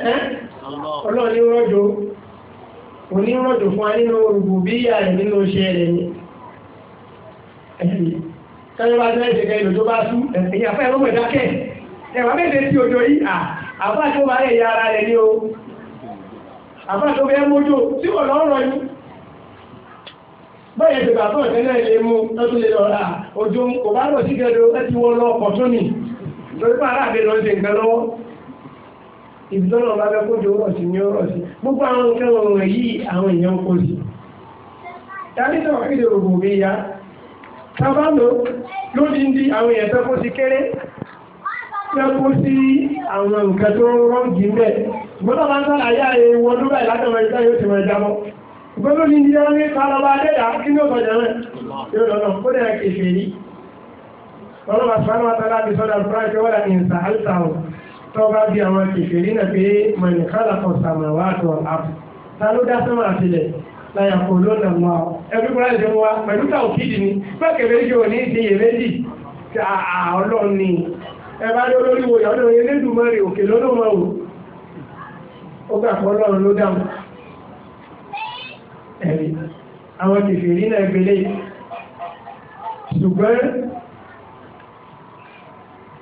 ọlọ́run ní rọ́jò òní rọ́jò fún wa nínú orùbù bí ìyá rẹ̀ nínú iṣẹ́ rẹ̀ ni kẹ́lẹ́ bá tẹ́lẹ̀ ṣẹ̀kẹ́ ìlú tó bá sú ẹ̀yìn àfẹ́ ẹ̀rọ mẹ́ta kẹ́ ẹ̀wà mẹ́tẹ̀ẹ́ sí òjò yìí àbá tó bá rẹ̀ ya ara rẹ̀ ní o àbá tó bẹ́ẹ̀ mójò tí wọ́n lọ́ rọ̀ yìí báyẹ̀ tẹ̀gbà tó ìtẹ́lẹ̀ ilé mú lọ́tún lè lọ́ra òjò kò bá rọ̀ sí gẹ́dọ̀ ẹ ti wọ́n lọ tó nì lórí pàrọ̀ àbẹ̀ lọ́ ibi tó náà bá fẹ́ kójú ní ọ̀rọ̀ sí àwọn nǹkan ọ̀rọ̀ yìí àwọn èèyàn kò sí. dání tó wà kéde ya sábà lò lóde ń di àwọn èèyàn fẹ́ kó sí kéré fẹ́ kó sí àwọn nǹkan tó ń rọ́ọ̀gì mẹ́ gbọ́dọ̀ máa ń sọ àyà ewu ọdún báyìí látọ̀mọ̀ ìta yóò ti máa jábọ́ gbọ́dọ̀ ní ìdílé tọ́ba bí àwọn kìfìrí náà pé mọ̀nìkálà kan sàmàwá àti ọ̀hún ta ló dá sọ́mà àtìlẹ̀ láyà kò ló nà mọ́ ẹbí kúrò àti wa pẹ̀lú táwọn kìdì ni bákẹ́lẹ́ yìí ò ní ti yèméjì ah, ah, ọlọ́run ni ẹ bá dé olórí wo ìyàwó lórí elédùnmọ́rì òkè lọ́dọ̀mọ́ o ó gbà pọ̀ ọlọ́run ló dáhùn ẹ̀rí àwọn kìfìrí náà gbélé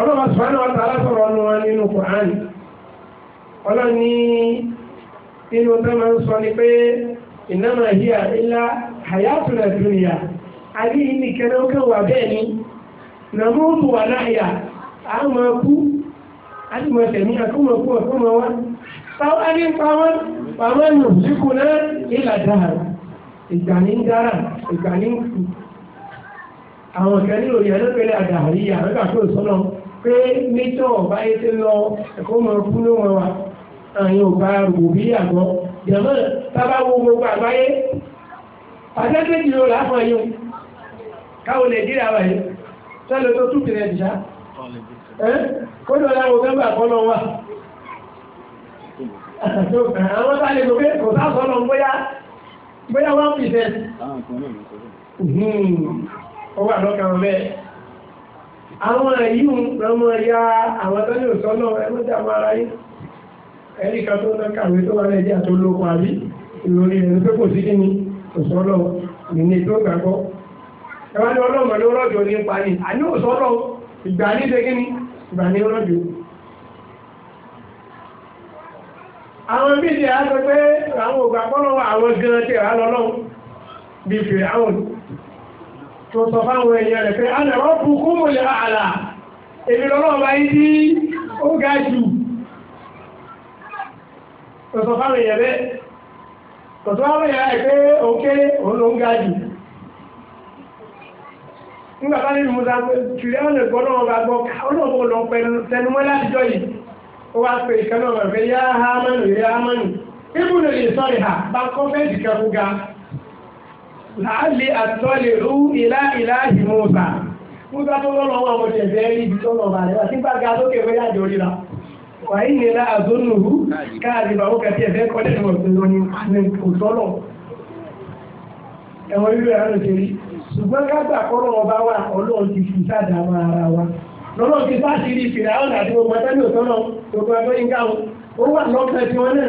ọlọ́wọ́ sọ́nà ọ̀tà aláfọ̀rọ̀ ọ̀nà wọn nínú Qur'an ọlọ́ni inú tó máa ń sọ ni pé innama hiya illa hayatuna dunya àbí ní kẹrẹ́ọ́kẹ́ wà bẹ́ẹ̀ ni nàmúùtù wà láàyà á máa kú á sì máa tẹ̀mí àkọ́mọ̀ kú ọ̀kọ́ máa wá táwọn á ní pamọ́ pamọ́ nù síkù náà ìlà dáhàrà ìgbà ní ń dára ìgbà ní ń kú àwọn kẹrin òyìnbó pẹ̀lẹ́ àdàhàríyà nígbà tó sọ́nà pé nítọ̀ báyé ti lọ ẹ̀kọ́ máa kú ló wọn wa àyìn ò bá rò bí àgbọ̀ jẹ̀mọ́ tábà wo gbogbo àgbáyé pàtẹ́tẹ́ jùlọ làáfọ̀ yìí káwọn nàìjíríà wà yìí sẹ́lẹ̀ tó tún tẹ̀lé ẹ̀dìṣá kó lọ láwọn gẹ́gbà kọ́ lọ wà àwọn tá a lè lò pé kò sá sọ́nà bóyá bóyá one percent. ọwọ́ àwọn èyíhùn lọ́mọ ya àwọn tọ́lẹ̀ òsọ́lọ́ ẹgbẹ́dàmọ́ ara yìí ẹ̀ríkà tó lọ kàwé tó wà lẹ́jà tó ló pa bí ìròrí rẹ̀ pé kò sí kí ni òsọ́lọ́ nínú ètò ìgbàgbọ́ ẹwà ni ọlọ́mọ ló rọ̀jò ní pa ni àní òsọ́lọ́ àwọn bíi ṣe á àwọn ògbà àwọn gan-an tẹ̀ wá lọ́lọ́run tó sọ fáwọn èèyàn rẹ̀ pé alẹ́rọ́ bukú lè àlà èmi lọ́wọ́ bá yí tí ó ga jù tó sọ fáwọn èèyàn rẹ̀ tó sọ fáwọn èèyàn rẹ̀ pé òkè òun ló ń ga jù nígbà bá nínú musa kiri ọ̀nà ìgbọ́nà ọba ibùdó lè sọ̀rọ̀ ha bá kọ́ fẹ́ẹ́ dìkẹ́ fún ga láàlì àtọ́lẹ̀ rú ilá ilá ìmúta múta tó lọ́nà wọn ọmọdé ẹ̀fẹ́ rí ibi tó lọ́nà rẹ̀ wá sígbà ga lókè fẹ́ yájọ ríra wà ní ìlera àzónùrú káàdì bàbá kàtí ẹ̀fẹ́ kọ́lẹ̀ ní ọ̀sẹ̀ lónìí ní òtọ́lọ̀ ẹ̀wọ̀n irú ẹ̀ ló ṣe rí ṣùgbọ́n kágbà kọ́rọ̀ ọba wa ọlọ́run ti fi sáàdà máa ara wa lọ́nà ti bá ti rí ìfìlà ọ̀nà àti gbogbo ẹgbẹ́ ní òtọ́lọ̀ gbogbo ẹgbẹ́ yín káwọn ó wà lọ́kàn tí wọ́n náà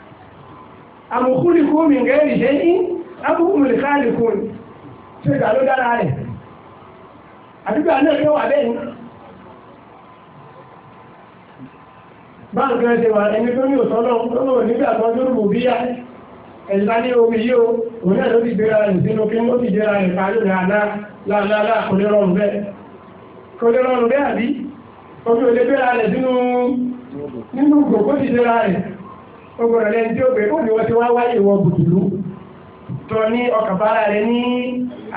àmùkúrì kú mi nǹkan ẹ̀rì ṣe ní ábùkù mi káàlì kú ni ṣe ìgbà ló dára rẹ̀ àdúgbò náà yóò wà bẹ́ẹ̀ ni. báńkì ẹ̀ṣẹ̀ wà ẹni tó ní òtọ́lọ́ lọ́wọ́ nígbà tó ń dúró bíyà ẹ̀yìnbá ní omi yìí o òun náà ló ti gbéra rẹ̀ sínú kí ó ti gbéra rẹ̀ parí rẹ̀ àná láàlá kò lè rọrùn bẹ́ẹ̀ kò lè rọrùn bẹ́ẹ̀ àbí gbogbo ọ̀rẹ́ tí ó gbé kó ni wọ́n ti wá wáyé ìwọ bùtùlù tó ní ọkàn bára rẹ ní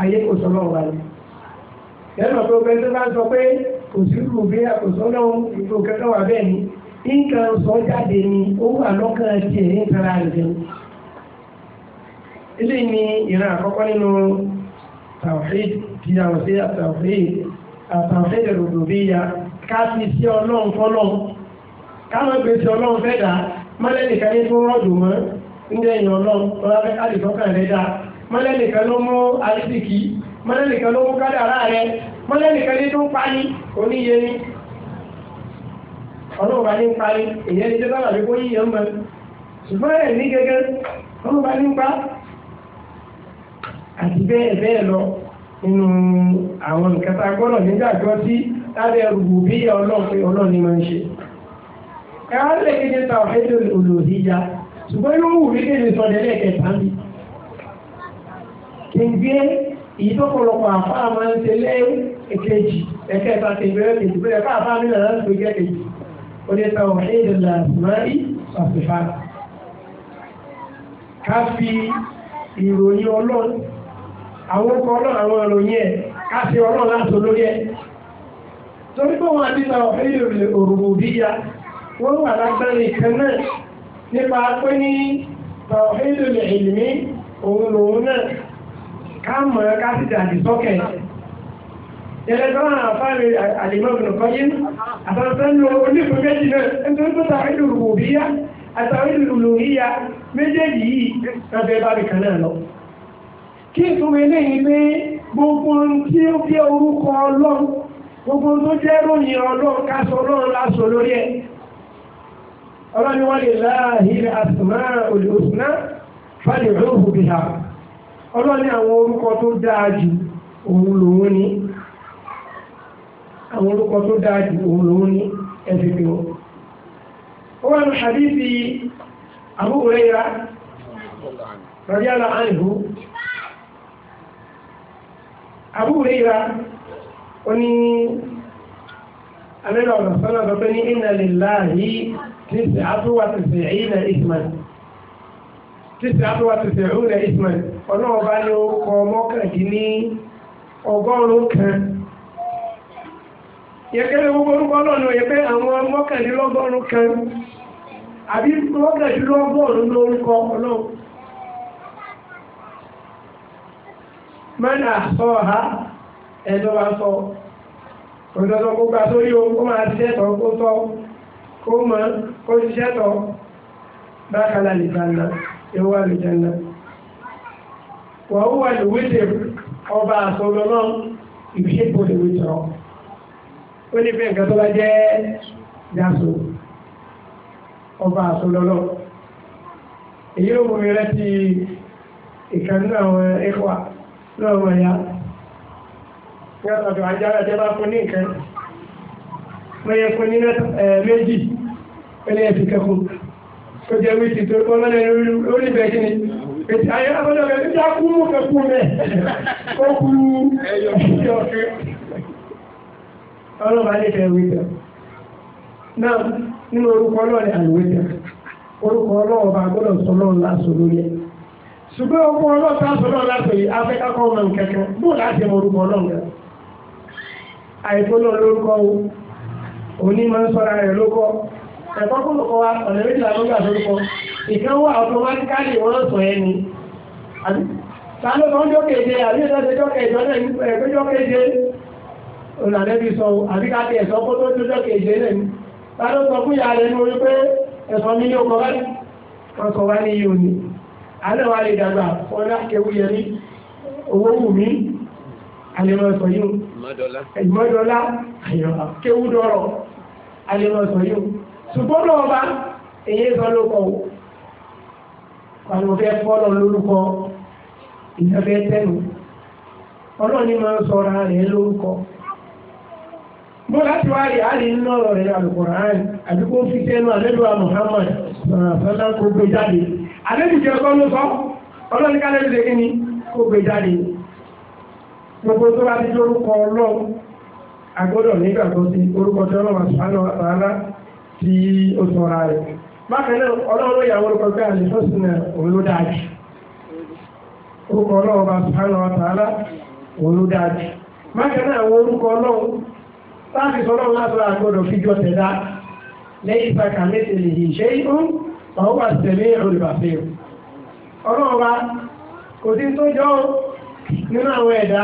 ayé kò sọ lọ́wọ́ rẹ. yẹ́nà tó bẹ́ẹ̀ tó bá sọ pé kò sí rú bí àkóso lọ́wọ́ ìfò kẹ́kẹ́ wà bẹ́ẹ̀ ni nǹkan sọ jáde ni ó wà lọ́kàn tiẹ̀ ní ìtara rẹ̀ ilé ni ìran àkọ́kọ́ nínú tawhid tí a wọ̀ sí àtàwhid àtàwhid rògbòbíyà ká fi sí ọlọ́run fọ́lọ́run káwọn gbèsè ọlọ́run fẹ́ dáa mọ́lẹ́nìkan ní tó rọ̀jù mọ́ ní ẹ̀yìn ọlọ́run ọlọ́run àdìsọ́kàn rẹ̀ dáa mọ́lẹ́nìkan ló mú àrísìkì mọ́lẹ́nìkan ló mú kádàrá rẹ̀ mọ́lẹ́nìkan ní tó ń parí oníye ni ọlọ́run bá ní ń parí èyí ni tó bá wàlé kó yíyan mọ́ ṣùgbọ́n ẹ̀ ní gẹ́gẹ́ ọlọ́run bá ní ń pa àti bẹ́ẹ̀ bẹ́ẹ̀ lọ nínú àwọn nǹkan tá a gbọ́dọ̀ nígbàgbọ́ sí lábẹ́ rúbùbíyà ọlọ́run ọlọ́run ni máa ń ṣe ẹ̀rọ lè kéde ta ọ̀hẹ́dẹ̀ olùdíyà ṣùgbọ́n yóò wù mí kéde sọ̀dẹ̀lẹ̀ kẹta mi. kí n gbé ìtọ́pọ̀lọpọ̀ àfáà máa ń tẹ̀lé èkejì ẹ̀kẹta tẹ̀gbẹ̀rẹ̀ kejì bẹ́ẹ̀ ká àfáà mi nàá tó jẹ́ kejì ó lè ta ọ̀hẹ́dẹ̀ làmárì ọ̀sẹ̀fà. ká fi ìròyìn ọlọ́run àwọn ọkọ̀ ọlọ́run àwọn ìròyìn ẹ̀ ká ọlọ́run láti olóyè torí pé wọn àti ta ọ̀hẹ́dẹ̀ òrùbùdíyà wọ́n wà lágbára kan náà nípa pé ní tawhidul ilmi òun lòun náà ká mọ̀ ká sì dàdí sọ́kẹ̀ yẹlẹ tó hàn àfáàrí àlèmọ́bìnrin kan yín àtàwọn lọ onífún méjì náà nítorí tó tawhidul rububiyya àtawhidul uluhiyya méjèèjì yìí ẹgbẹ́ bá bìkan náà lọ kí ìtumọ̀ eléyìí pé gbogbo tí ó jẹ́ orúkọ ọlọ́run gbogbo tó jẹ́ ròyìn ọlọ́run ká sọ ọlọ́run lásọ lórí ẹ̀ ọlọ́ni wọ́n lè láàhìrì àtùmá olùsùnà fàlẹ̀ òhù bí ha ọlọ́ni àwọn orúkọ tó dáa jù òun lòun ni àwọn orúkọ tó dáa jù òun lòun ni ẹ̀sìn pé wọ́n. ó wà Abu Hurairah radiyallahu anhu Abu Hurairah ó ní inna lillahi. تسعة وتسعين إثما تسعة وتسعون إثما ọlọ́run bá ní orúkọ mọ́kàndínní ọgọ́rùn-ún kan yẹkẹ́lẹ́ gbogbo orúkọ ọlọ́run yẹ pé àwọn mọ́kàndínlọ́gọ́rùn-ún kan àbí mọ́kàndínlọ́gọ́rùn-ún lórúkọ ọlọ́run mẹ́nà sọ ọ̀há ẹ̀dọ́ wa sọ òdòdó gbogbo àtórí kó máa kó sọ kó kó ṣiṣẹ́ lọ dákàlà ìjànà ìwà ìjànà wàhúwà ìwédè ọba àsọlọ́nà ìbíṣẹ́pọ̀ ìwéjọ ó ní bẹ́ẹ̀ nǹkan tó bá jẹ́ yàtọ̀ ọba àsọlọ́nà èyí ló mú mi rántí ìkànnì àwọn ẹ̀kọ́ lọ́wọ́ ya nígbà tó àjọ ajá bá fún ní nǹkan wọ́n yẹ fún ní méjì ẹlẹ́yẹ ti kẹ́kọ̀ọ́ tó jẹ́ wíìtì tó ọlọ́dẹ lórí bẹ́ẹ̀ kí ni ètò ayé ọlọ́dẹ bẹ́ẹ̀ tó kú mú fẹ́ kú mẹ́ ó kú ẹyọ kẹ́ ọlọ́ba ní kẹ́ wíìtì náà nínú orúkọ ọlọ́ọ̀ni àlùwẹ̀tì orúkọ ọlọ́ọ̀ba gbọ́dọ̀ sọ lọ́ọ̀ láṣọ lórí ẹ̀ ṣùgbọ́n orúkọ ọlọ́ọ̀ta sọ lọ́ọ̀ láṣọ yìí afẹ́kákọ́ ọmọ nkẹ́kẹ́ bó láti mọ orúkọ ọlọ́ọ̀gá àìfọ́lọ́ lórúkọ onímọ̀ sọ́ra rẹ̀ lókọ́ ẹ̀kọ́ kó lùkọ́ wa ọ̀nà méjìlá ló gbà lórúkọ ìkan wà automatically wọ́n sọ ẹ́ ni sálọ́nà ọjọ́ keje àbí ìdájọ́ keje náà ní ẹgbẹ́jọ́ keje olùdàdẹ́bí sọ àbí káàkiri ẹ̀sọ́ kó tó jọjọ́ keje náà ní sálọ́ sọ fún ìyá rẹ̀ ní orí pé ẹ̀sọ́ mi ní ọkọ̀ báyìí wọ́n sọ wá ní iye òní alẹ́ wa lè dàgbà fọ́nrán kéwúyẹ ní owó wù mí alẹ́mọ̀ sọ yìí ìmọ̀dọ́lá àyọ̀ kéwú dọ́rọ̀ alẹ́mọ̀ sọ yìí ṣùgbọ́n náà bá èyí sọ lóko o àwọn òfẹ́ fọ́lọ̀ lórúkọ ìyàfẹ́ tẹ́nu ọlọ́ọ̀ni máa ń sọra rẹ̀ lórúkọ mo láti wá rí àárín nínú ọ̀rọ̀ rẹ̀ alukọ̀rán àdúgbò fi tẹ́nu àlẹ́lúwa Muhammad sọ̀rọ̀ kó gbé jáde àlẹ́lú jẹ́ ọkọ ló sọ ọlọ́ọ̀ni kálẹ́lú lè kíni kó gbé jáde gbogbo tó bá ti lórúkọ ọlọ́ọ̀ agbọ́dọ̀ nígbàgbọ́ sí orúkọ tí ọlọ́wà sọ̀rọ̀ àtàlá tí ó tún ra rẹ̀. bákan náà ọlọ́run ìyàwó orúkọ pé àlìfọ́sùnà òun ló dáa jù orúkọ ọlọ́run bá sùpánà ọ̀tàlá òun ló dáa jù. bákan náà àwọn orúkọ ọlọ́run láti sọ́nà látara àgbọ̀dọ̀ fíjọ tẹ̀dá lẹ́yìn ìfàkà mẹ́tẹ̀lẹ̀ yìí ṣe é ń ọ̀hún wà tẹ̀lé olùbàfẹ́ ọlọ́run bá kò sí tó jọ nínú àwọn ẹ̀dá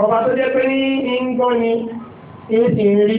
ọba tó jẹ́ pé ní ń gbọ́ ni ń sì ń rí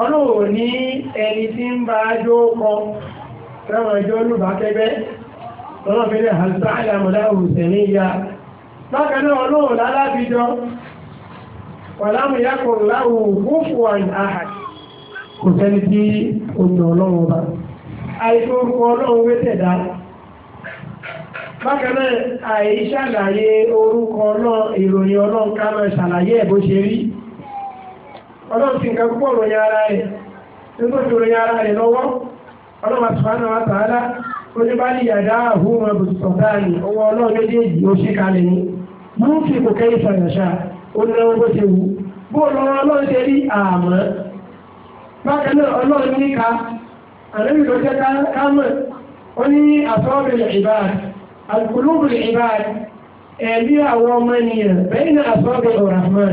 ọlọ́wọ̀ ní ẹni tí ń bá jó kọ fẹ́ràn ẹjọ́ olùbákẹ́gbẹ́ lọ́nà fẹ́lẹ̀ àlùfà àlàmùláwù sẹ̀mí ya ọlọ́wọ̀ orúkọ náà ìròyìn ọlọ́run ká ṣàlàyé ẹ̀ ṣe rí ọlọ́run ti nǹkan púpọ̀ ròyìn ara rẹ̀ nínú tó ròyìn ara rẹ̀ lọ́wọ́ ọlọ́run àtúwánà wa tààlà ó ní bá ní yàrá àhúmọ̀ bùsùtọ̀tàní owó ọlọ́run méjèèjì ó ṣe kalẹ̀ ní mú fi kò kẹ́ ìfàyàṣà ó ní lọ́wọ́ bó ṣe wù bó lọ́wọ́ ọlọ́run ṣe rí àmọ́ bákan náà ọlọ́run ní ká àlẹ́bí ló jẹ́ ká ó ní àsọ́ọ̀bẹ̀lẹ̀ ìbáàdì àlùkùlùbùlẹ̀ ìbáàdì ẹ̀mí àwọn ọmọ ènìyàn bẹ́ẹ̀ ní àsọ́ọ̀bẹ̀lẹ̀ ọ̀ràmọ́ni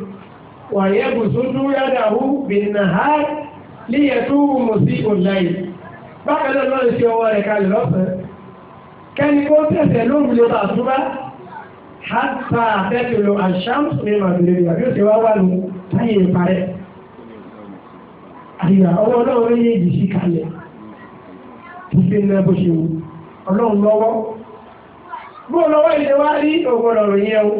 wàyẹ̀bù sódú yádàhù bìnnàhà líyẹ̀tú mùsí ọ̀láyì bákan náà lọ́ọ́ ṣe ọwọ́ rẹ̀ kalẹ̀ lọ́sàn-án kẹ́ni kó tẹ̀sẹ̀ lóru lè bá túbá hàtà àtẹ́tìlò àṣàmùs ní màdùlẹ́rì àbí òṣè wá wà lóun táyé ìparẹ́ àyà ọwọ́ ọlọ́run yé èjì sí kalẹ̀ tó fi ná bó ṣe wù ọlọ́run lọ́wọ́ bó lọ́wọ́ ìdẹ́wárí ògbọ́dọ̀ ròyìn ẹ̀wọ̀n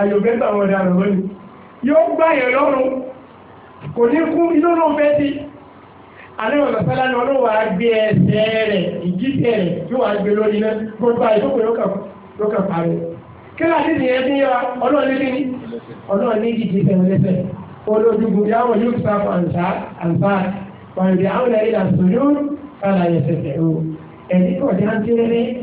àyòbẹ́ta wọn dànù lónìí yóò gbá yẹn lọ́rùn kò ní kú inú ló fẹ́ sí alẹ́ wọn lọ́sọ́lá ni wọn wà á gbé ẹsẹ̀ rẹ̀ ìjísẹ̀ rẹ̀ yóò wà á gbé lórí náà gbogbo àìsókò yóò kàn parí kí láti ní ẹbí yẹra ni ọlọ́ọ̀ni ìdíje tẹ̀lẹ́sẹ̀ olójúgbò bí àwọn yóò sá fún àǹsá àǹsá wọn bí àwọn ẹ̀rí là sòrò kálá yẹsẹ̀ tẹ̀ o ẹ̀dí kọ̀ọ̀dí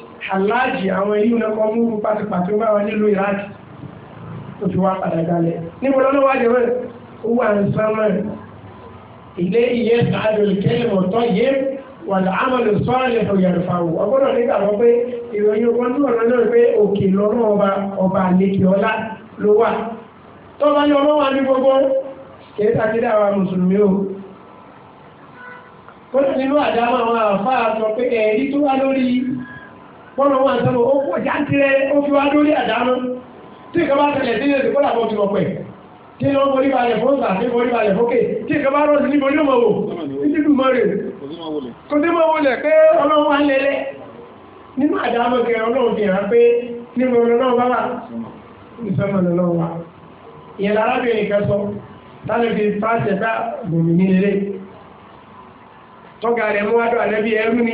aláàjì àwọn ilé ìlẹ́kọ̀ọ́ mú pàtìpàtì wá wọn nílùú ìráàkì tó fi wá padà galẹ̀ níbo lọ́nà wájú rẹ̀ ó wà ní sánmọ̀ ilé ìyẹ́ sàádùn ìkẹ́lẹ̀ ọ̀tọ́ yé wà láàmàlù sọ́ọ̀lẹ̀ òyàrùfàwò ọgbọ́dọ̀ nígbà wọn pé ìròyìn ọgbọ́n tó wọn náà pé òkè lọ́rùn ọba ọba àlekè ọlá ló wà tọ́ba ní ọlọ́wà ní gbogbo kìí sàkídà àwa mùsùlùmí o kó nínú àdámọ̀ àwọn àfáà sọ pé ẹ̀rí tó wá lórí kọ́nà wọn àtọ́nà ó kó jáńtirẹ́ ó fi wá lórí àdánù tí ìkọ́bá tẹ̀lẹ̀ sí ilé kọ́nà àbọ̀ tìmọ̀ pẹ̀ kí ni wọ́n borí balẹ̀ fún ìgbà ní borí balẹ̀ fókè kí ìkọ́bá rọ̀ sí ní borí ọmọ wò títí dùn mọ́ rè kò sí mọ́ wọlé pé ọlọ́run wá lẹ́lẹ́ nínú àdánù kẹ ọlọ́run fi bá wà ìsọmọ ọlọ́run wà ìyẹn tọ́gà rẹ̀ mú wádọ́ àlẹ́bí ẹrú ni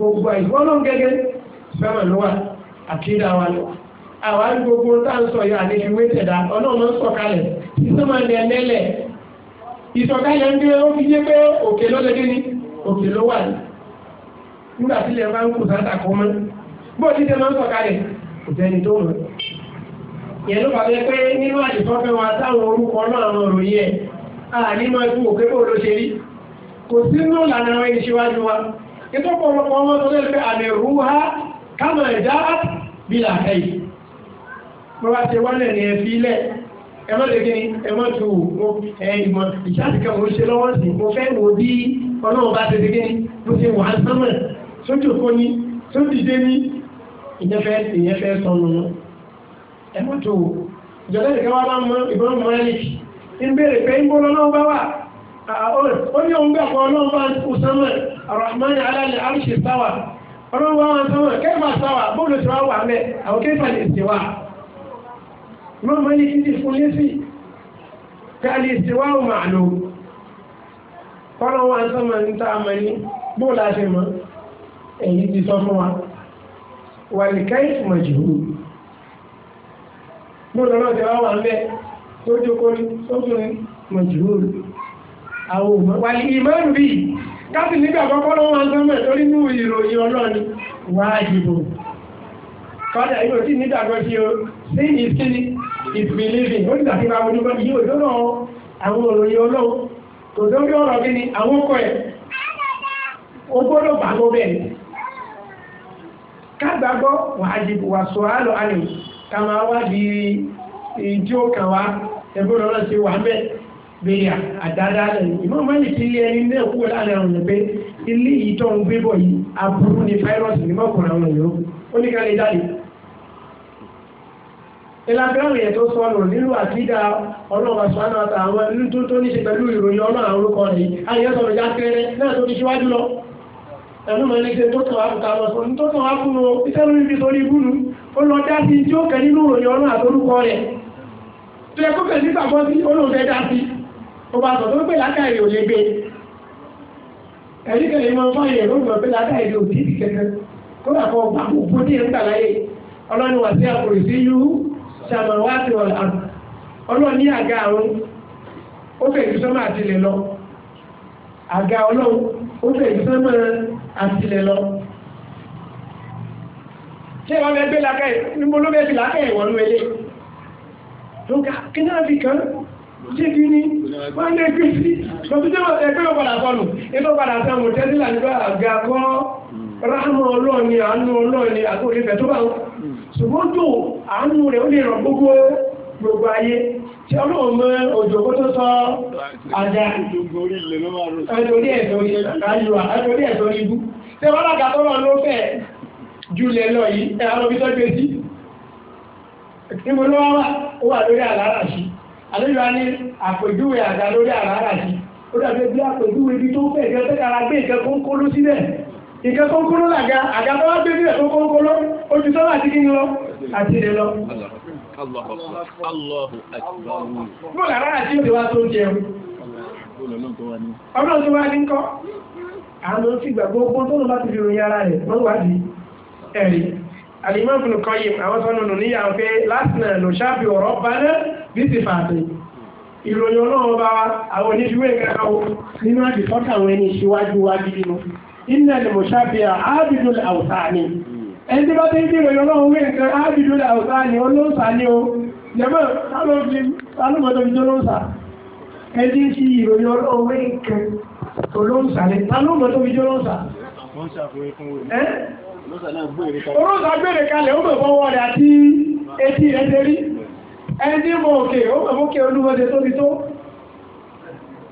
gbogbo àìgbọ́n náà gẹ́gẹ́ sẹ́wọ̀n ló wà àkídà wa lọ. àwa ní gbogbo tá à ń sọ yọ àlejò ìwé ọlọ́run ń sọ̀kalẹ̀ sísọ máa ní ìsọ̀kalẹ̀ ń gbé ó fi yé pé òkè òkè ló wà ní. nígbà tí ilẹ̀ ń kù mọ́ ti tẹ́ sọ̀kalẹ̀ kò tó ló pé nínú ìtọ́pọ̀ ọ̀pọ̀ ọmọ tó lẹ́lẹ́fẹ́ àlèrúhá kama ẹ̀dá bí làkàyè bọ́wá ti wálẹ̀ ní ẹ̀fí ilẹ̀ ẹmọ́ lè gíní ẹmọ́ tó wò ẹ̀yìnmọ̀ ìṣàtìkà mo ṣe lọ́wọ́ sí mo fẹ́ wò bí ọlọ́run bá ti di gíní bó ti wà á sánmọ̀ sójú kó ní sójú dé ní ìyẹfẹ́ ìyẹfẹ́ sọnù ẹmọ́ tó wò ìjọba ìdíkà wa bá mọ ìbọn mọ ẹlẹ́kì ń béèrè pé ń bọ́ lọ́wọ́ bá wà ó ní òun gbà Ar-Rahman ala al-arshi istawa ọlọ́run wá wọn sọ́wọ́ kẹ́fà sáwà bóòlù tí wọ́n wà mẹ́ àwọn kẹ́fà lè ṣe wá wọ́n mọ́ ní títí fún lẹ́sì ká lè ṣe wá ò máa lò ọlọ́run wá sọ́wọ́ ní tá a mọ̀ ní bóòlù káàsì nígbà kọ́kọ́ ló wọ́n tán mẹ́ torí mú ìròyìn ọlọ́ni wájìbò kọ́dà yóò tí nígbàgbọ́ sí o sí ìsíní ìfìlífìn ó nígbà tí wọ́n wọ́n nígbà tó náà àwọn òròyìn ọlọ́run kò tó bí ọ̀rọ̀ ni àwọn ọkọ̀ ẹ̀ ó gbọ́dọ̀ bá bẹ́ẹ̀ kágbàgbọ́ wà sọ máa eh, wá di ẹgbẹ́ ọlọ́run ti wà bẹ́ẹ̀ bẹ́yà àdáadáa lẹ́nu ìmọ̀ máa ń ti lé ẹni náà kúrò láàrin àwọn èèyàn pé ilé yìí tó ń gbé bọ̀ yìí aburú ni fáírọ́ọ̀sì ní mọ̀kùnrin àwọn èèyàn ó ní ká lè jáde. ìlànà àwọn èèyàn tó sọ lò nínú àtìdá ọlọ́ọ̀bà sọ́nà àti àwọn ìlú tó tó ní ṣe pẹ̀lú ìròyìn ọlọ́run orúkọ rẹ̀ àyẹ̀ sọ̀rọ̀ já kẹrẹ náà tó ti ṣíwájú lọ ẹnu mọ̀ ní ṣe tó tàn ápùtà lọ sọ tó tàn ápùtà iṣẹ́ lórí ibi torí gúnú ó lọ dá sí tí ó kẹ dá ọba àtọ̀tọ̀ pé látàrí ò lè gbé ẹ̀rí kẹlẹ̀ ìmọ̀ fún ayẹyẹ ló ń lọ pé látàrí ò tíì kẹkẹ kó dà kọ́ gbà kó dé nígbà láyé ọlọ́ni wà sí àkùrì sí yú sàmọ̀wá àti ọ̀là ọlọ́ni àga àrùn ó fẹ́ ju sọ́mọ́ àtìlẹ̀ lọ àga ọlọ́run ó fẹ́ ju sọ́mọ́ àtìlẹ̀ lọ. ṣé wọn lè gbé lákàyè níbo ló bẹ́ẹ̀ fi lákàyè wọnú ilé? tó ga kí náà fi kàn án. ṣébi ní wọ́n lé gbèsè lọ́túnjẹ́ ẹgbẹ́ ọ̀padà sọnù inú padà sọnù tẹ́sílà nígbà àga kọ́ ráhùn ọlọ́ọ̀ni àánú ọlọ́ọ̀ni àti olùfẹ́ tó bá ń ṣùgbọ́n tó àánú rẹ̀ ó lè ràn gbogbo gbogbo ayé tí ọlọ́run mọ́ tó sọ àjà àlejò àní àpèjúwe àga lórí àràárà sí ó dàbí bí àpèjúwe ibi tó fẹ́ ìjọ tẹ́ka ara gbé nǹkan kónkóló síbẹ̀ nǹkan kónkóló làga àga tó wá gbé síbẹ̀ tó kónkóló ó ti sọ́wọ́ àti kíni lọ àti ilé lọ. bó làràárà sí òde wa tó ń jẹun ọlọ́run tó wá ní kọ́ àwọn tó ti gbàgbọ́ gbogbo tó lọ́ bá ti fi ròyìn ara rẹ̀ lọ́wọ́ àdìí ẹ̀rí àlìmọ́ fún nǹkan yìí àwọn tó nínú níyà ń pé lásìnà ló ṣáàbì ọ̀rọ̀ balẹ̀ bí ti fàtì ìròyìn ọlọ́run bá wa àwọn oníṣúwé kankan wo nínú àdìsọ́kà àwọn ẹni ìṣíwájú wa gidi nu iná ni mo ṣáàbì àádìdó àwùsá ni ẹni tí bá ti ń bí ìròyìn ọlọ́run wé nǹkan àádìdó àwùsá ni olóòsà ni o jẹ́mọ́ alóòmọdé mi tó lóòsà ẹni tí ìròyìn ọlọ́run wé nǹkan tó lóòsà ni alóòmọdé mi tó lóòsà. wọ́n ṣàfihàn fún wọn olóòsà gbèrè kalẹ̀ ó mẹ́fọ́ wọ́n rẹ̀ àti etí rẹ̀ dérí ẹni mọ̀ òkè ó mẹ́fọ́ kí olúwọ́dẹ tó ti tó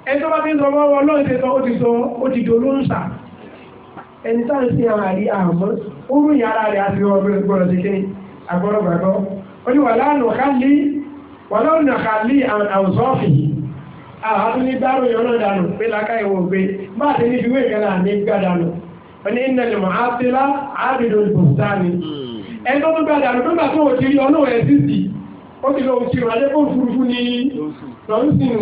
ẹni tó bá ti ń sọ mọ́wọ́ lọ́ọ̀dẹ tó ó ti sọ ó ti di olóòsà ẹni tá ń sin àárí àmọ́ ó rú ìyára rẹ̀ àti ọ̀rẹ́ gbọ́dọ̀ ti kí agbọ́dọ̀ gbàgbọ́ ó ní wà láàánú kálí wà láàánú kálí àwùsọ́ọ̀fì àwọn àtúndí gbárùn-ún yọ̀ọ́ náà dànù pé lákàyẹ̀wò gbé bá àti níbi wé ìkẹlẹ̀ àní gbà dànù ní iná lè mọ̀ ápílá ábìdó ìbòsáni ẹni tó tún gba àdàrú tó gbà tó ò ti rí ọlọ́ ẹ̀ sí sí ó ti lọ òun ti rọ̀lẹ́ kó furufú ní lọ́sìnù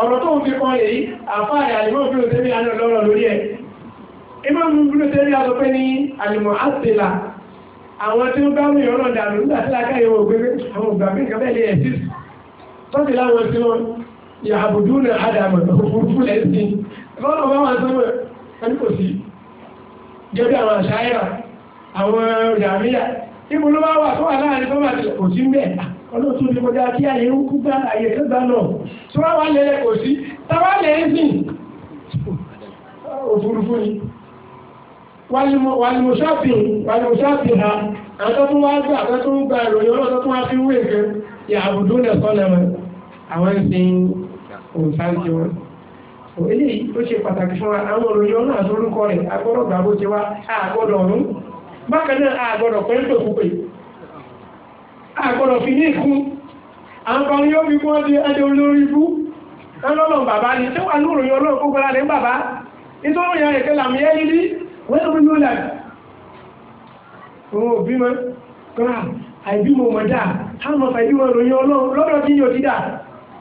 ọ̀rọ̀ tó ń fi kan èyí àfáàyà ìmọ̀ òfin òtẹ́bí àná lọ́rọ̀ lórí ẹ̀ ìmọ̀ òfin òtẹ́bí àtọ́ pé ní àlùmọ̀ ápílá àwọn tí ó bá mú ìrọ̀lọ́ dànù nígbà tí lákàyè wọ̀ gbé àwọn òfurufú lẹ́sìn lọ́nà bá wọn sọ́mọ̀ ẹni kò sí gẹ́gẹ́ àwọn àṣàyà àwọn ìdàmíyà ibo ló máa wà tó wà láàrin tó máa kò sí mbẹ olóòtú ni kọjá kí àyè ń kú gbá àyè tó gbá lọ tí wọn wà lẹlẹ kò sí táwa lẹ ń sìn òfurufú ni wàlùmùsáfì wàlùmùsáfì ha àtọ́ tó wá gbà àtọ́ tó ń gba ìròyìn ọlọ́tọ́ tó wá fi ń wé nǹkan ìyàbùdó nẹ̀kọ́ lẹ́wọ̀n àwọn ìsìn òǹsáǹtì wọn eléyìí ó ṣe pàtàkì fún wa àwọn olùyọ náà lórúkọ rẹ̀ agbọ́dọ̀ gbà bó ti wá àgbọ́dọ̀ ọ̀run bákan náà àgbọ́dọ̀ pẹ́ńtò púpè àgbọ́dọ̀ fi ní ìkún àwọn yóò fi kún ọdí ẹni olórí ibú lọ́lọ́lọ́ bàbá ni tí wà lóòrùn yọ lóòrùn gbogbo alẹ́ bàbá nítorí ìyá ẹ̀kẹ́ làmì ẹ́ yìí wẹ́n rí yóò lẹ́nu òun òbí mọ́ kọ́ra àìbímọ mọ̀dá táwọn ọ̀fà ìbímọ ìròyìn ọlọ́run lọ́dọ̀ tí yóò ti dà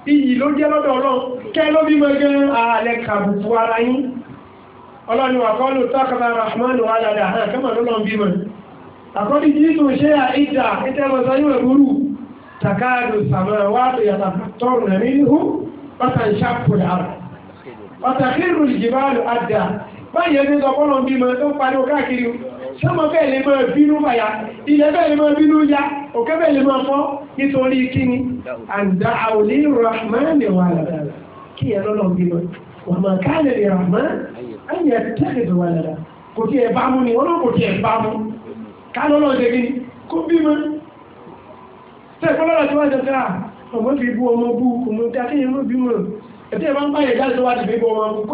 iyì ló jẹ́ lọ́dọ̀ ọlọ́run kẹ́ ló bí mọ́gẹ́ ààlẹ́ kàbùkù ara yín ọlọ́ni àkọọ́lù tọ́kàtà rahmanu alàdà hàn kẹ́mọ̀ lọ́lọ́n bímọ̀ àkọ́lù jésù ṣe à ìdà ìtẹ́mọ̀sán yóò burú takáàdù sàmàrà wà tó yàtà tọrù nà nínú bàtà ń ṣàpò dára bàtà kírù jìbálù àdà báyẹn ní sọpọ́lọ́n bímọ tó pariwo káàkiri sọ́mọ bẹ́ẹ̀ lè máa bínú fàyà ilẹ̀ bẹ́ẹ̀ lè máa bínú ya òkè bẹ́ẹ̀ lè máa fọ́ nítorí kíni àǹdà àwòlé rahman wà lára kí ẹ lọ́lọ́ bínú wà máa káàlẹ̀ lè rahman ẹ̀yẹ tẹ́lẹ̀ wà lára kò tí ẹ bá mú ni ọlọ́ kò tí ẹ bá mú kálọ́ lọ́ọ́ ṣe kíni kó bímọ tẹ́ẹ̀kọ́ lọ́la tí wọ́n jẹ fẹ́ à ọmọ fi bú ọmọ bú ọmọ tí a kéye ló bí mọ̀ ẹ̀tí ẹ̀ máa ń báyẹ̀ jáde tó wá ti fi bú ọmọ kó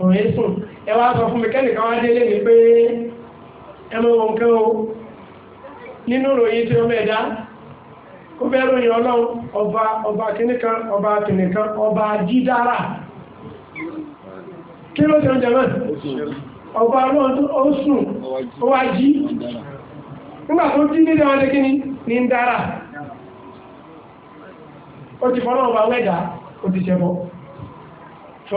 òun yé sùn ẹ wá sọ fún mi kẹ́nìkan wá délé ní pé ẹ o nínú ìròyìn tí ọmọ ẹ̀dá kó ròyìn ọlọ́run ọba ọba kìnìkan ọba kìnìkan ọba dídára kí ló ṣe ń náà ọba ọlọ́run ó sùn ó wá jí nígbà tó jí nílé wọn ṣe kí ni ní ń dára ó ti fọ́nà ọba ó ti ṣẹbọ tó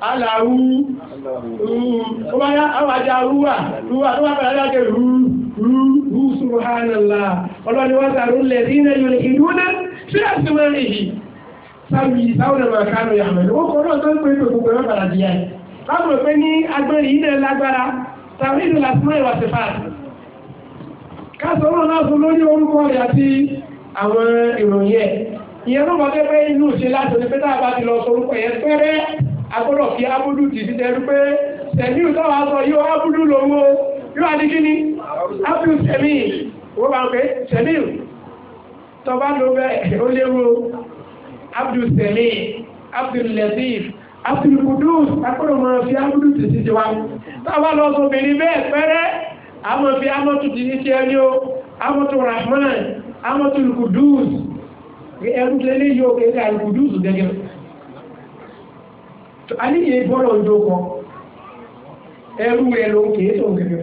aláwú ó bá yá àwọn ajá rúwà rúwà tó wà pẹ̀lú ajá rú rú rú subhanallah ọlọ́ni wọ́n sàrú lẹ̀ sí iná yóò ìlú náà sí àtúmọ̀ èyí sáwì sáwọn ọmọ kánú yàmẹ̀ ó kọ́ náà tó ń pè é gbogbo ẹ̀rọ bàrà di yẹn láwọn pé ní agbẹ́rẹ́ yìí náà lágbára tàbí ìlú agbọ́dọ̀ fi ábúdú ti ti tẹ́rú pé sẹ̀míù táwọn aṣọ yóò ábúdú lòwó yóò adé kí ni ábúdú sẹ̀míù wọ́n bá ń pè sẹ̀míù tọba ló bẹ́ ó léwu ábúdú sẹ̀míù ábúdú lẹ́sìn ábúdú kudus agbọ́dọ̀ máa fi ábúdú ti ti wa táwọn lọ sọ obìnrin bẹ́ẹ̀ pẹ́rẹ́ àmọ́ fi amọ́tù ti ti ẹni o amọ́tù rahman amọ́tù kudus ẹrú lẹ́lẹ́ yóò kéré àlùkùdùsù gẹ́gẹ́ aníyè bọ́lọ̀ ń dókọ ẹrú ẹ ló ń kì í tó gẹ́gẹ́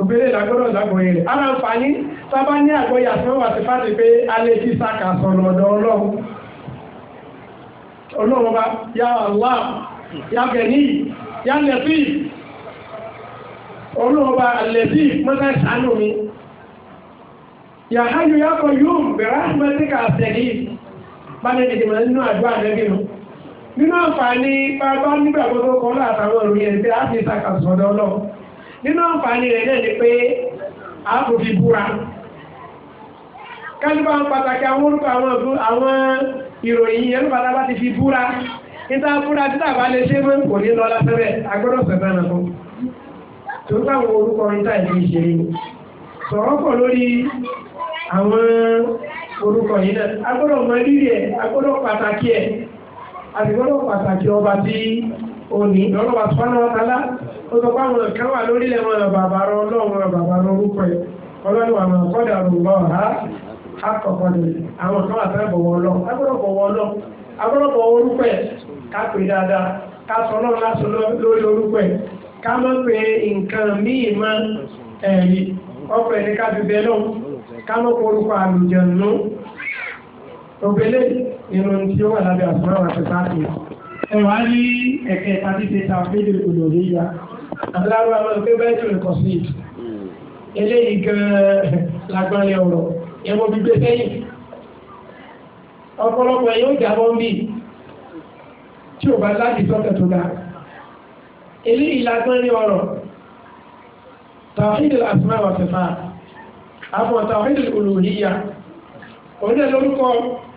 obìnrin làgbọ́dọ̀ lágbọ̀ọ́yé rẹ̀ ara ń fani sábà ní àgbọ̀yé àtúnwò àti fáti pé alẹ́ tí sáka sọ̀rọ̀ ọ̀dọ̀ ọlọ́run ọlọ́run bá yá Allah yá gẹ̀ní yá lẹ́fí ọlọ́run bá lẹ́fí mọ́tà sànù mi yà hájú yá kọ nínú àǹfààní bàbá nígbàgbọ́ tó kọ́ látàwọn òrùn yẹn tí a fi ṣàkàṣọ̀dọ̀ ọlọ́run nínú àǹfààní rẹ̀ náà ni pé a kò fi búra kálíbà ń pàtàkì àwọn orúkọ àwọn ìròyìn yẹn lóba lábá ti fi búra níta búra títà bá lè ṣe mọ́ kò ní lọ lásẹ̀rẹ̀ agbọ́dọ̀ sẹ̀fẹ́ náà fún tó táwọn orúkọ níta ìlú ìṣeré sọ̀rọ̀ pọ̀ lórí àwọn orúkọ yìí náà agbọ́dọ̀ mọ rírì ẹ̀ agbọ́dọ̀ pàtàkì ẹ̀ àdìgbọ́dọ̀ pàtàkì ọba tí ó ní lọ́lọ́ba sọ́nà ọ̀tálá ó sọ pé àwọn kan wà lórílẹ̀ wọn lọ bàbá rọ ọlọ́run rọ bàbá rọ orúkọ ẹ̀ ọlọ́run àwọn àkọ́dà rògbò ọ̀há àkọ́kọ́ ni àwọn kan wà fẹ́ bọ̀wọ̀ lọ agbọ́dọ̀ bọ̀wọ̀ lọ agbọ́dọ̀ bọ̀wọ̀ orúkọ ẹ̀ ká pè dáadáa ká sọ náà lásán lórí orúkọ ẹ̀ ká má pe nǹkan míì má ẹ̀rí ọkọ̀ ẹ̀ ní ká fi bẹ́ẹ̀ lọ ká má pe orúkọ àlùjànnú ògbélé irun tí ó wà lábẹ́ àsùnmọ́ àwọn àṣẹṣà àti ẹ̀wà rí ẹ̀kẹ́ tàbí ṣe ta fídíò ìgbòdò rí ya àdúrà wọn lọ pé bẹ́ẹ̀ tó lè kọ̀ sí eléyìí gan-an lágbára ọ̀rọ̀ ẹ̀wọ̀n gbígbé sẹ́yìn ọ̀pọ̀lọpọ̀ yóò jábọ́ ń bì tí ò bá láti sọ́tẹ̀ tó dáa eléyìí lágbára ọ̀rọ̀ tàwíìdì àsìmá wà fẹ́fà àbọ̀ tàwíìdì olùhíyà òun náà lórúkọ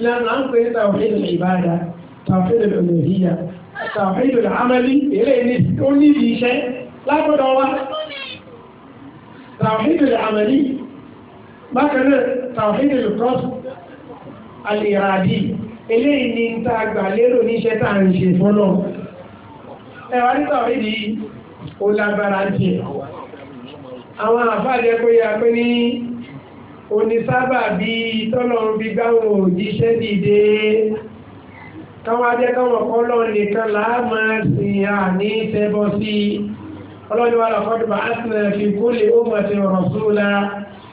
ìlànà à ń pè ní tawhidul ibada tawhidul uluhiyya tawhidul amali eléyìí ó ní ìdí iṣẹ́ lágbọ́dọ̀ wa tawhidul amali bákan náà tawhidul qasd al-iradi eléyìí ní ta gbà lérò ní iṣẹ́ tá à ń ṣe fọ́nà ẹwà ní tawhidi ó lágbára jẹ àwọn àfáàjẹ pé a pé ní onísábà bíi tọ́lọ́run bíi gbáwọn òjíṣẹ́ dìde káwọn adé káwọn kọ́ lọ́run nìkan làá máa sìn àní tẹ́bọ sí i ọlọ́run wa lọ́kọ́ dùbà ásìnà fi kó lè ó mọ̀ sí ọ̀rọ̀ sóòlà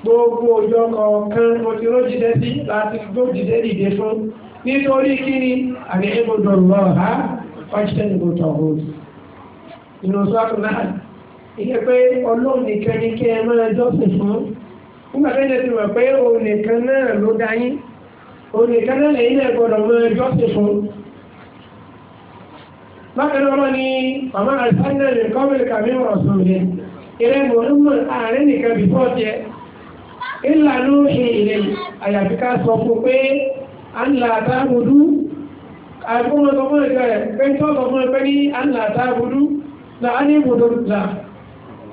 gbogbo ọjọ́ kọ̀ọ̀kan mo ti rójìdẹ́ sí láti gbójìdẹ́ dìde fún nítorí kí ni àní ìbùdó lọ́ọ̀ha ọ̀ṣẹ́ ìbùdó ọ̀hún ìnùsọ́ àtúnáà ìyẹn pé ọlọ́run nìkan ní kí ẹ máa jọ́sìn fún nígbà tó lè ti mọ̀ pé òun nìkan náà ló dá yín òun nìkan náà lẹ́yìn náà gbọ́dọ̀ mọ ẹjọ́ sí fún un. bákan náà wọ́n ní màmá alifáńdà lè kọ́ mi kàmí wọ̀ sùn mi ìrẹ́ mọ̀ ní mọ̀ ààrẹ nìkan bí fọ́ tiẹ̀ ìlànà òṣè ilẹ̀ àyàfi ká sọ fún pé à ń là àtàbùdú àìkú wọn sọ fún ẹgbẹ́ rẹ̀ pé tó sọ fún ẹgbẹ́ ní à ń là àtàbùdú là á ní ibùdó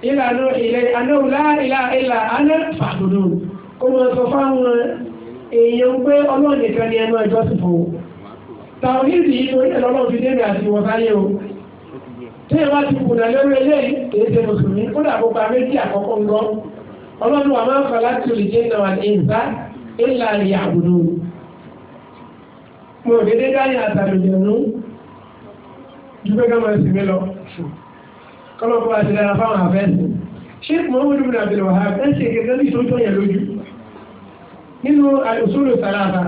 ìlànà ilẹ̀ anáwòlá ìlà ìlà aná fàdúró kó mọ sọ fáwọn èèyàn pé ọlọ́run nìkan ni ẹnu ẹjọ́ sì fò tàwọn ìdí yìí lórí ẹ̀rọ ọlọ́run fi débi àti ìwọ̀sáyé o tí ẹ bá ti kùnà lórí eléyìí kìí ṣe mùsùlùmí kódà kó gba méjì àkọ́kọ́ ń gbọ́ ọlọ́run wa máa ń fà láti olùjẹ́ náà àti ìgbà ìlà ìyà àbùdó mo dédé dáyà àtàlùjẹ̀nu ju pé ká máa sì mí lọ kọ́lọ́kọ́ àti dára fáwọn àfẹ́ẹ̀lì sheikh muhammadu bin abdul wahab ẹ̀ ṣe gẹ́gẹ́ bí ìṣòjọ́ yẹn lójú nínú àìsúlù sàlàtà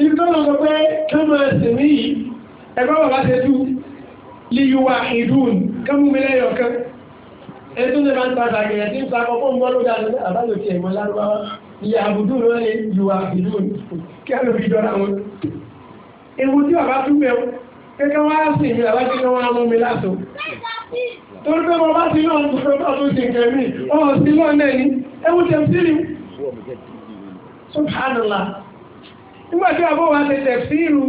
ibi tó lọ sọ pé kẹ́mọ̀ ẹ̀sìn ní yìí ẹgbẹ́ bàbá ṣe tú liyuwa ìdún kẹ́mú mi lẹ́yọ̀ kan ètò ní máa ń ta àgbẹ̀ ẹ̀ tí ń ta ọkọ̀ ń bọ́ ló lọ́dẹ àbájọ ti ẹ̀mọ́ lárúbáwá ìyá àbùdù ló lè yuwa ìdún kí á ló fi jọra wọn. ewu tí bàbá tún mẹ́wọ́ kékeré wá sí mi àbájọ kí wọ́n á mú mi láṣọ torí pé bọ́bá sí náà ń tó tó tó ṣe kẹ̀mí ọmọ sí náà náà ní ẹwù tẹ̀síìrì subhanallah nígbà tí àbọ̀ wa ṣe tẹ̀síìrù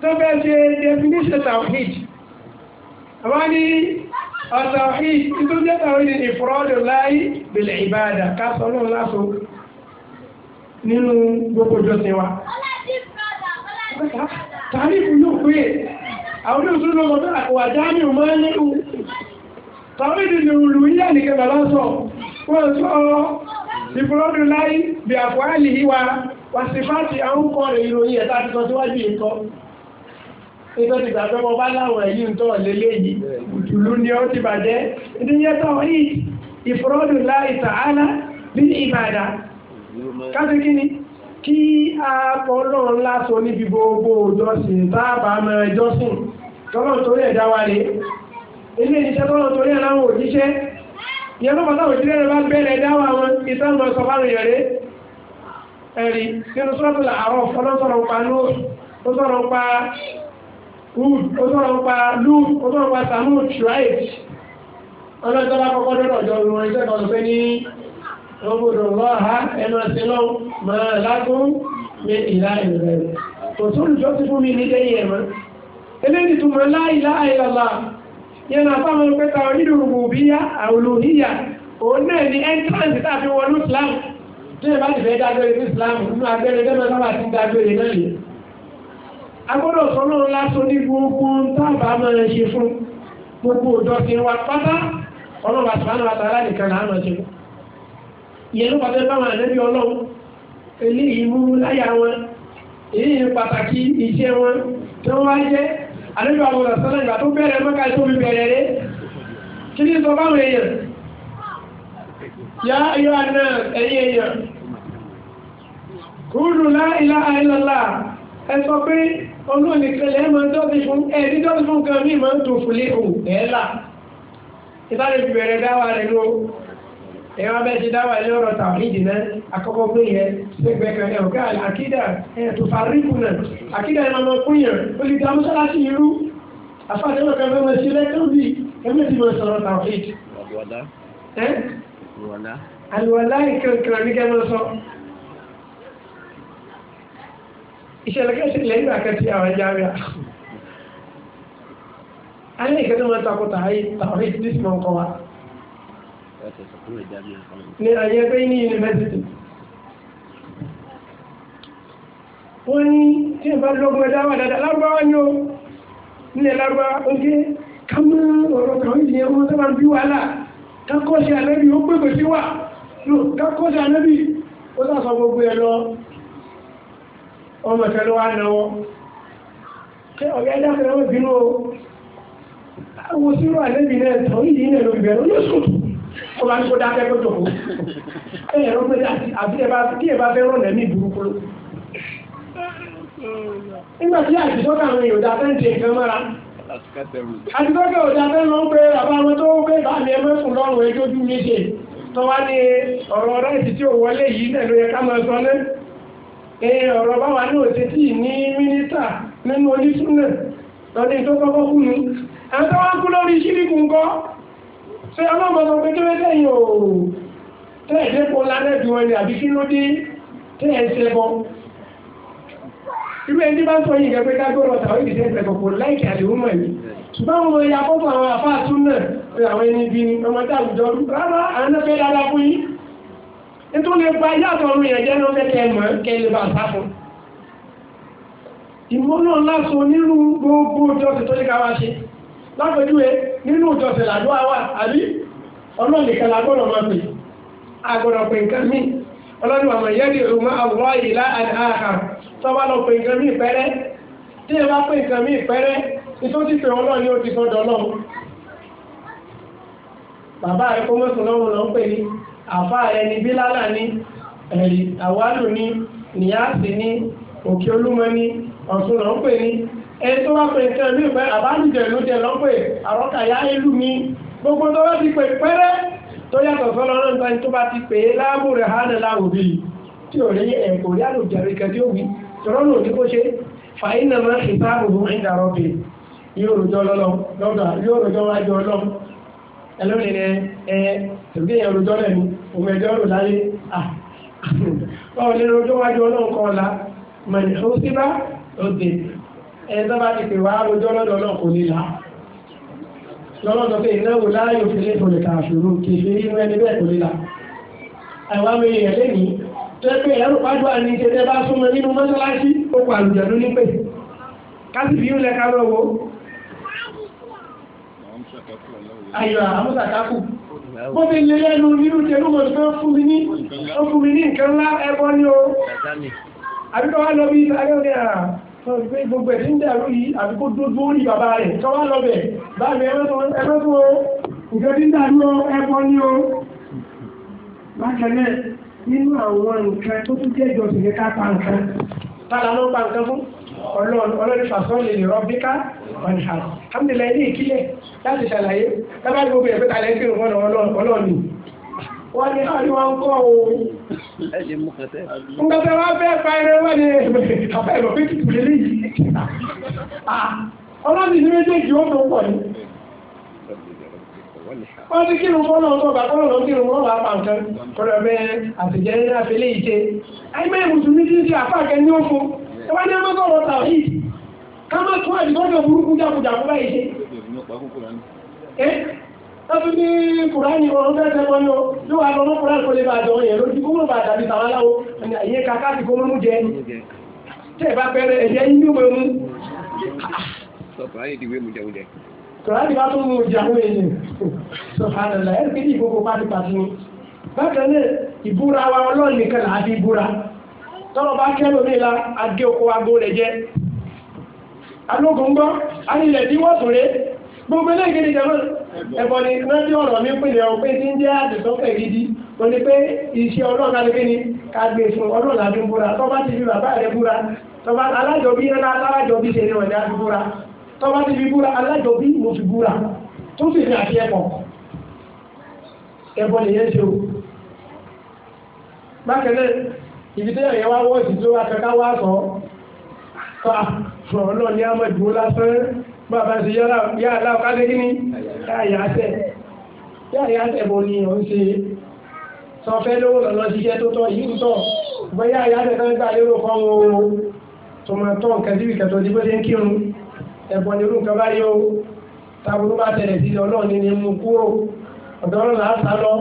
tó fẹ́ ṣe definition tawhid àbá ní ọ̀tawhid tó jẹ́ tawhid ní ìfúrọ́dù láì bìlẹ̀ ìbáadà ká sọ náà láṣọ nínú gbogbo jọ́sìn wa. tàbí ìfúnnú pé àwọn olóòsùn ló mọ̀ bẹ́ẹ̀ wà dáàmì ò máa ní u tàwọn ìdílé olù yíyà nìkan bàbá sọ wọ́n sọ ìfúrọ́dún láì bí àfọ́àlì ìwà wàsífàtì àwọn kọ́ rẹ̀ ìròyìn ẹ̀ta ti sọ síwájú ìkọ́ ìtọ́ ti gbàgbé mọ bá láwọn ẹ̀yìn tó lélẹ̀ yìí ìlú ni ó ti bàjẹ́ ìdíyẹ́tọ̀ yìí ìfúrọ́dún láì tààlà bí ìbàdà káfí kí ni kí a pọ̀ lọ́run lásọ níbi gbogbo òjọsìn tábà ẹjọ́sìn tọ́lọ́run torí ẹ̀ dá wa rè ilé iṣẹ́ tọ́lọ́run torí ẹ̀ láwọn òjíṣẹ́ ìyẹn lọ́pọ̀ táwọn òjíṣẹ́ rẹ̀ bá bẹ̀rẹ̀ dá wa wọn ìtàn lọ sọ fáwọn èèyàn rẹ̀ ẹ̀rí nínú sọ́tùlà àwọn ọ̀fọ́lọ́sọ̀rọ̀ pa lóòrùn ó sọ̀rọ̀ pa Hood, ó sọ̀rọ̀ pa Lut, ó sọ̀rọ̀ pa Samud, Shuaib. Ọlọ́jọ́lá kọ́kọ́ dọ́dọ̀ jọ ìwọ̀n iṣẹ́ kan pé ní ọgbọ̀dọ̀ lọ́ha ẹnu àti lọ́wọ́ máa lágún ní ìlà ìrẹ̀lẹ̀. Kò tún lùjọ́ ti fún mi ní lẹ́yìn ẹ̀mọ́ eléyìí tó mọ̀ láìlá àìlàlá yẹn náà fáwọn pẹ́ta onídùrùgbò bí yá àwòlòníyà òun náà ni entrance tàbí wọnú Islam tí ẹ bá ti fẹ́ dájọ́ ìlú Islam nínú abẹ́rẹ́ dẹ́mọ̀ sábà ti dájọ́ ìlú náà yìí agbọ́dọ̀ sọ́nà ńlá tó ní gbogbo tábà máa ṣe fún gbogbo òjọ́sìn wa pátá ọlọ́run àtàlánà àtàlá nìkan là á máa ṣe fún ìyẹn ló pàtẹ́ bá wọn àlẹ́bí ọlọ́run eléyìí mú láyà wọn pàtàkì iṣẹ́ wọn tí wọ́n wá jẹ́ àlejò àwọn ọ̀sán ìgbà tó bẹ̀rẹ̀ mọ́ká tó fi bẹ̀rẹ̀ rẹ̀ kí ní sọ báwọn èèyàn yá ayọ́ àná ẹ̀yìn èèyàn kúrú láìlá àìlọ́lá ẹ sọ pé olóòlìkẹlẹ̀ ẹ máa dọ́bí fún ẹ̀ẹ́dí dọ́bí fún kan mí máa ń tò fúlé òun ẹ̀ẹ́là ìbáraẹ̀bẹ̀rẹ̀ dáwà rẹ̀ lóò ẹ̀rọ abẹ́ ti dáwà ilé ọ̀rọ̀ tàwíìdì náà akọ́kọ́ pé yẹn gbẹgbẹ kan ẹ̀ ọ̀gá àkídà ẹ̀ tó fa ríkù náà àkídà ẹ̀ máa kún yẹn ó lè dá mọ́sálásí irú afáàdé náà kan fẹ́ mọ sí lẹ́kọ̀ọ́ bí ẹgbẹ́ ti mọ sọ̀rọ̀ tàwíìdì. àlùwàlá ìkankan ní kẹ́ mọ sọ. ìṣẹ̀lẹ̀ kẹ́sì lẹ́yìn àkẹ́tì àwọn ẹja rẹ̀ alẹ́ ìkẹ́tọ́ mọ́ takọ̀tà ayé tàwíìdì ní ní ayé pé ní yunifásitì wọ́n ní tí ìbá lọ́gbọ́n ẹ̀dá wà dáadáa lárúbáwá ní o nílẹ̀ lárúbáwá ó gé kámú ọ̀rọ̀ kan ìdíyẹ wọn sábà ń bí wàhálà kákọ́ṣe ànábì ó gbégbé sí wà lò kákọ́ṣe ànábì ó sàṣọ gbogbo ẹ̀ lọ ọmọ ìfẹ́ ló wá náwó kí ọ̀gá ẹ̀dá fẹ́ràn bínú o àwọn sírò ànábì náà tọ́ ìdí náà ló bẹ̀rẹ̀ ó ló sùn kó bá ní kó dákẹ́ kó jòkó ẹ̀yìn ẹ̀rọ pé àbí ẹ̀ bá kí ẹ̀ bá fẹ́ rọ̀ lẹ́mí burúkú ló. nígbà tí àtìsọ́kà àwọn èèyàn dáfẹ́ ń ṣe nǹkan mọ́ra àtìsọ́kà ò dáfẹ́ lọ pé bàbá wọn tó gbé bàmí ẹ mọ́sùn lọ́rùn ẹ jójú mi ṣe tó wá ní ọ̀rọ̀ ráìtì tí ò wọlé yìí náà ló yẹ ká máa sọ náà ọ̀rọ̀ báwa ní òtítì ní mínísítà nínú onísùn náà lọ́dún tó kọ́kọ́ kú ni àwọn tó wá kú lórí ṣíríkù ńkọ́ ṣé ọlọ́mọ ọmọ pé kéwé tẹ̀yìn o tẹ̀yìn tẹ́ kó lálẹ́ bí wọn ni àbí kí ló dé tẹ̀yìn ṣe bọ́. irú ẹni bá ń sọ yìí gẹ́gẹ́ pé dágbọ́rọ̀ tàwọn ìdí tẹ́sẹ̀ kọ̀kọ̀ láìkì àdéhùn mọ̀ yìí ṣùgbọ́n àwọn ẹ̀yà fọ́fọ́ àwọn àfáà tún náà pé àwọn ẹni bí ọmọ tá àwùjọ rárá àwọn náà fẹ́ dáadáa fún yín nítorí gba yàtọ̀ ọ̀run yẹn jẹ́ lọ́sẹ̀ kẹ́ mọ̀ kẹ́ lè bá a sá fún. ìmọ̀ náà lásán nínú ìjọsẹ̀ làdúrà wà àbí ọlọ́nìkan lágbọ́dọ̀ máa pè àgbọ̀dọ̀ pè nǹkan mí ọlọ́dún àmọ̀ ìyẹ́dì ìrùmọ́ àwòrán yìí láàáhà tó bá lọ pè nǹkan mí pẹ́rẹ́ tí ẹ bá pè mí pẹ́rẹ́ nítorí ni ó ti sọ́dọ̀ ọlọ́run bàbá rẹ kó mọ́sùn lọ́rùn lọ́n pè ní àfa rẹ ní bílálà ní ẹ̀rí àwálù ní nìyáàsì ní ètò ọ̀pẹ̀ nǹkan ní ìpẹ́ àbájìjẹ̀ ló jẹ lọ́pẹ̀ àrọ́kàyá ìlú mi gbogbo tó bá ti pè pẹ́rẹ́ tó yàtọ̀ sọ́lọ́ náà nǹkan tó bá ti pè é láàbù rẹ̀ hánà láwù bí tí ò rí ẹ̀kọ́ rí àlùjáre kan tí ó wí tọ́rọ́ náà ní kó ṣe fàyínà máa ń bá gbogbo ń darọ́ bẹ̀ yóò rọjọ́ wájú ọlọ́m ẹlọ́rin ẹ̀ẹ́dọ́ bá ti pè wá rojọ́ lọ́dọ̀ náà kò nílá lọ́lọ́dọ̀ pé ìnáwó láàyò fi lé ìfòlè kàṣòro kèfè inú ẹni bẹ́ẹ̀ kò nílá àwọn àmì èèyàn lẹ́nìí tó ẹ pé ẹ̀rù pàdó àní ìṣẹ̀dẹ́ bá súnmọ́ nínú mọ́ṣáláṣí ó pa àlùjẹ̀dún nípè kásìbí ń lẹ́ka lọ́wọ́ ayọ̀ àmúṣàkákù bó ti lè lẹ́nu nínú tẹnu mọ̀ tó fún mi ní ó fún mi ní nǹkan ńlá ẹbọ ní o àbíkọ́ wá lọ bí ìtàgé sọ̀rọ̀ pé gbogbo ẹ̀dí ń dàrú yìí àbí kó dúdú ní bàbá rẹ̀ kọ́ wá lọ bẹ̀ báyìí ẹgbẹ́ tó nǹkan tí ń dàrú ẹbọ ní o bákanáà nínú àwọn nǹkan tó tún jẹ́ ìjọsìn ní ká pa nǹkan tààlà ló pa nǹkan fún ọlọ́rin fàṣọ́ lè lè rọ́bí ká ọ̀nà àmì ilẹ̀ ilé ìkílẹ̀ láti ṣàlàyé tábàlì gbogbo ẹ̀fẹ́ tààlẹ́ sí ọlọ́ọ̀nì wọ́n ní àrí wọn kọ́ o. ẹ ṣe wá ẹrẹ wọ́n ní bàbá ẹ̀rọ pé lè lè ọlọ́dún ní méjèèjì ó tó pọ̀ ní. wọ́n ti kírun bá kírun kọ́dọ̀ bẹ́ẹ̀ àtẹ̀jẹ́ ní àfẹ́lẹ́ yìí ṣe. mùsùlùmí ti ń ṣe ẹbí ní kùránì ọ̀rọ̀ mẹ́tẹ́ wọn ni ó ló wà lọ́mọ kùránì kò lè bá àjọ yẹn lójú kúrò bá dàbí tàwọn aláwo ẹ̀yẹ kàkà ti kó mú jẹ tẹ́ ẹ bá pẹ́rẹ́ ẹ̀yẹ yín ní ìwé mú. kùránì ti wé mu jẹun jẹ. kùránì bá tún mú jẹun èyí sọ̀hánàlá ẹ̀ kéde ìkókó pátí pátí ni bákan náà ìbúra wa ọlọ́ọ̀ nìkan là á fi búra tọ́rọ̀ bá kẹ́lò ní ìlà agé oko agbó rẹ̀ jẹ́ alógun gbọ́ anilẹ̀ tí wọ́n tún rẹ̀ gbogbo eléyìí ni jẹ́mọ́ ẹ̀bọ̀ ni rántí ọ̀rọ̀ mi pèlè ọ̀hún pé tí ń jẹ́ àdìsọ́kẹ̀ gidi o ní pé iṣẹ́ ọlọ́run alẹ́ kíni ká gbé e fún ọlọ́run láti ń búra tọ́ba ti fi bàbá rẹ̀ búra tọ́ba alájọbí rẹ̀ alájọbí ṣe ni ọ̀dà fi búra tọ́ba ti fi búra alájọbí mo fi búra tó sì ní àti ẹ̀kọ́ ẹ̀bọ̀ nìyẹn ṣe o bákẹ́lẹ́ ibi tí ẹ̀yẹ wá wọ́ọ̀sì tó wá kẹ́kẹ́ wá sọ ah, bàbá ṣe yá aláwọ̀ ká ṣe kí ni yáàyà tẹ̀ yáàyà tẹ̀ bó ni òun ṣe sọ fẹ́ lówó lọ́lọ́ ṣiṣẹ́ tó tọ́ yìí ń tọ̀ bọ́ yáàyà tẹ̀ tó ń gbà lérò kan o tó máa tọ́ nǹkan síbi kẹtọ́ tí bó ṣe ń kírun ẹ̀bọ̀n nírú nǹkan báyìí o tábùrú bá tẹ̀lẹ̀ sí ọlọ́run ní ni mú kúrò ọ̀dọ́ ọlọ́run á sá lọ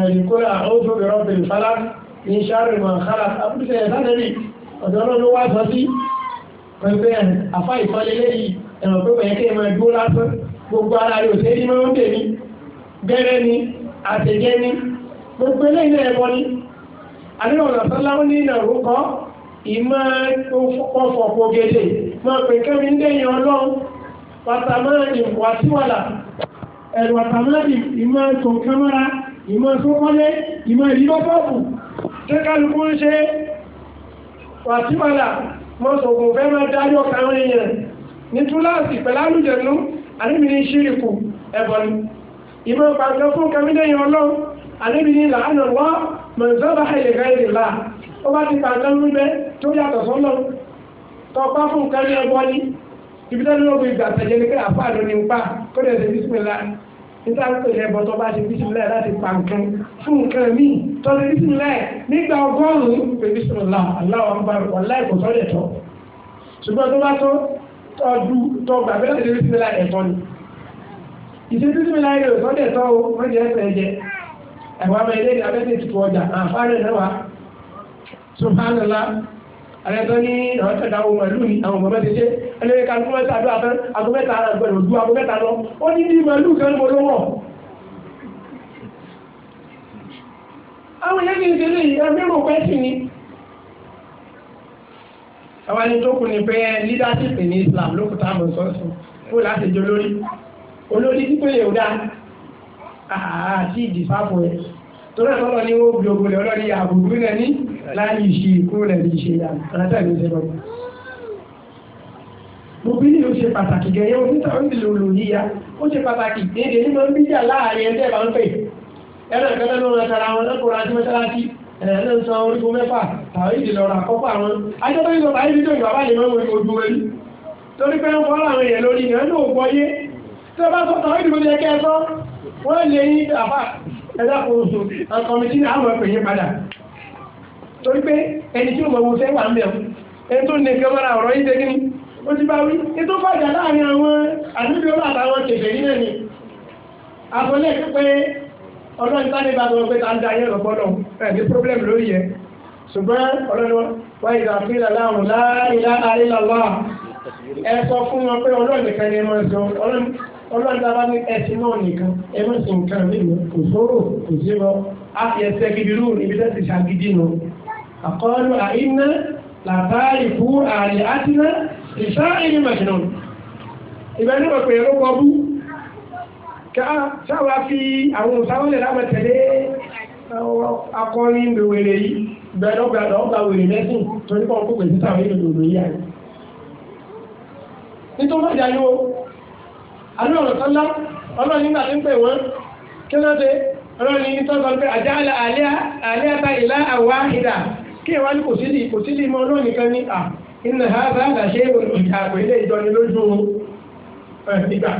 ẹ̀rì kóra ó tó bẹ̀rọ̀ bẹ̀rẹ̀ fálá ní sáré mọ̀ kálá àbúrúṣe ẹ̀ sáré rí ọ̀dọ́ ọlọ́run wá sọ sí pẹ̀lú ẹ̀ àfá ìfọ́lélẹ́yìí ẹ̀rọ tó bẹ̀yẹ kí ẹ máa dúró lásán gbogbo ara rẹ̀ òṣèré ní máa ń tèmi gẹ́rẹ́ ni àtẹ̀jẹ́ ni gbogbo eléyìí náà ẹ̀kọ́ ni àdúrà ọ̀nà sọ́lá ó ní ìnà òrùkọ́ ìmọ̀ ọ̀fọ̀ pògèdè máa pè kẹ́mi ń dẹ́yìn ọlọ́run pàtàmáàdì wàtíwàlà ẹ̀rọ pàtàmáàdì ìmọ̀ tó kámẹ́rà ìmọ̀ tó kọ́lé ìmọ̀ ìdíbọ́bọ́ọ̀bù tó kálukú ń ṣe wàtíwàlà mọ́sọ̀gùn fẹ́ máa dájọ́ káwọn èèyàn ní túláàsì pẹ̀lú àlùjẹ̀nú àníbi ní ṣíríkù ẹbọ ni ìmọ̀ pàǹkan fún kàmídẹ́yìn ọlọ́run àníbi ní làánà wọ́n mọ̀nsọ́bà ẹ̀yẹ̀gá ìrìnlá ó bá ti pàǹkan ń bẹ tó yàtọ̀ sọ́lọ́ tọpá fún nǹkan ní ẹbọ ni ibi tẹ́lẹ̀ lóògùn ìgbà tẹ̀jẹ̀ ní pé àpá ló ní pa kó dẹ̀ ṣe bísímìlá níta ń pèlè ẹbọ tó bá ṣe bísímìlá láti pàǹkan fún nǹkan ṣùgbọ́n tó bá tó tọ́jú tọ́gbà bẹ́ẹ̀ lè fi láì ẹ̀tọ́ ni ìṣẹ́jú sí mi láì rẹ̀ ọ̀tọ́ dẹ̀ tọ́ o wọ́n jẹ́ ẹ̀sẹ̀ ẹ̀jẹ̀ ẹ̀wọ̀n ọmọ ilé ìgbà bẹ́ẹ̀ ti tu ọjà àǹfààní náà wá subhanallah àrẹ́tọ́ ní àwọn tẹ̀dá ohun ẹ̀lú ni àwọn ọmọ mẹ́ta ṣe ẹlẹ́yẹ kan fún mẹ́ta àdó àfẹ́ àgọ́ mẹ́ta ara gbẹ̀rẹ̀ òdu àgọ́ mẹ́ta lọ ó ní ní màálù kan ní olówó. àwọn yẹn kì í ṣe lè yẹ mẹ́rù pẹ́sì ni àwọn ẹni tó kù ni pé leadership in Islam ló kù táwọn sọ́ọ̀sì kó láti jẹ olórí olórí títún yẹ̀ ọ̀dà àti ìdìfàpọ̀ ẹ̀ torí ẹ̀ tọ́lọ́ ni ó bí ogun lẹ̀ ọlọ́rí àbùkù rẹ̀ ní láyé ìṣe ikú rẹ̀ ní ìṣe àtàtà ní ìṣe lọ́wọ́. mo bí ní o ṣe pàtàkì gẹ̀yẹ́ o níta ń bìlò lò yíya ó ṣe pàtàkì déédéé nínú ń bíjà láàárín ẹgbẹ́ bá ń pè ẹ̀rọ ìkẹ́lẹ́ ló ń ra ẹ̀rẹ́ ń san orígun mẹ́fà tàbí ìdìlọ́rọ̀ àkọ́kọ́ àwọn ajọ́tọ́ ìjọba ayé fídíò ìgbà báyìí mọ́ ìwé ojú wẹ́lú torí pé ń fọ́ láwọn èèyàn lórí ìyẹn ló gbọ́ yé tí ó bá sọ tàbí ìdìbò ti ẹkẹ́ ẹ̀sọ́ wọ́n lè yí àbá ẹ̀dá kòròsò àkọ́mìtì ní àwọn ẹ̀pẹ̀ yín padà torí pé ẹni tí ó mọ̀ wọ́sẹ̀ wà ń bẹ̀ ẹni tó ní kẹ́mọ́ra ọ̀rọ̀ yìí tẹ́kí ni ó ti bá wí ní tó fàjà láàrin àwọn àdúgbò àtàwọn kẹfẹ́ yìí náà ni àfọlẹ́ pé ọlọ́run bá ní bá wọn pé káńdà yẹn lọ gbọ́dọ̀ ẹ̀ ní problem lórí yẹn ṣùgbọ́n ọlọ́run wáyé ìdàfíìlà láàrùn láàrínlá àrílàlá ẹ sọ fún wọn pé ọlọ́run nìkan ni ẹ máa sọ ọlọ́run tá a bá ní ẹsìn náà nìkan ẹ máa sì nǹkan nínú kò sóró kò sí lọ á fi ẹsẹ̀ gidi rú níbi tẹ́sí ṣàgídí nù àkọọ́lù àìná làbáyé fún àrè átínà ìṣá ìrìn màṣínà ìbẹ́ni wọ̀ pé ó kọ bú sáwà fi àwọn òsáwọlẹ̀ lábẹ̀tẹ̀lé akọrin wèrè yìí gbẹdọgbàdọ ọgbà wèrè mẹ́sìn torí kọ́ kó pèsè sáwà ìlú òdòdó yìí àná. nítorí wọ́n jà o, alẹ́ ọ̀rọ̀ sọ́lá ọlọ́run nígbà tí ń pè wọ́n kí ló dé ọlọ́run ní tọ́sọ̀ pé àjá alẹ́ àtà ìlà àwa ìdà kí ìwà ní kò sídìí kò sídìí mọ́ ọlọ́run nìkan ní à ìnà ha bá àgbà ṣe é ìgbà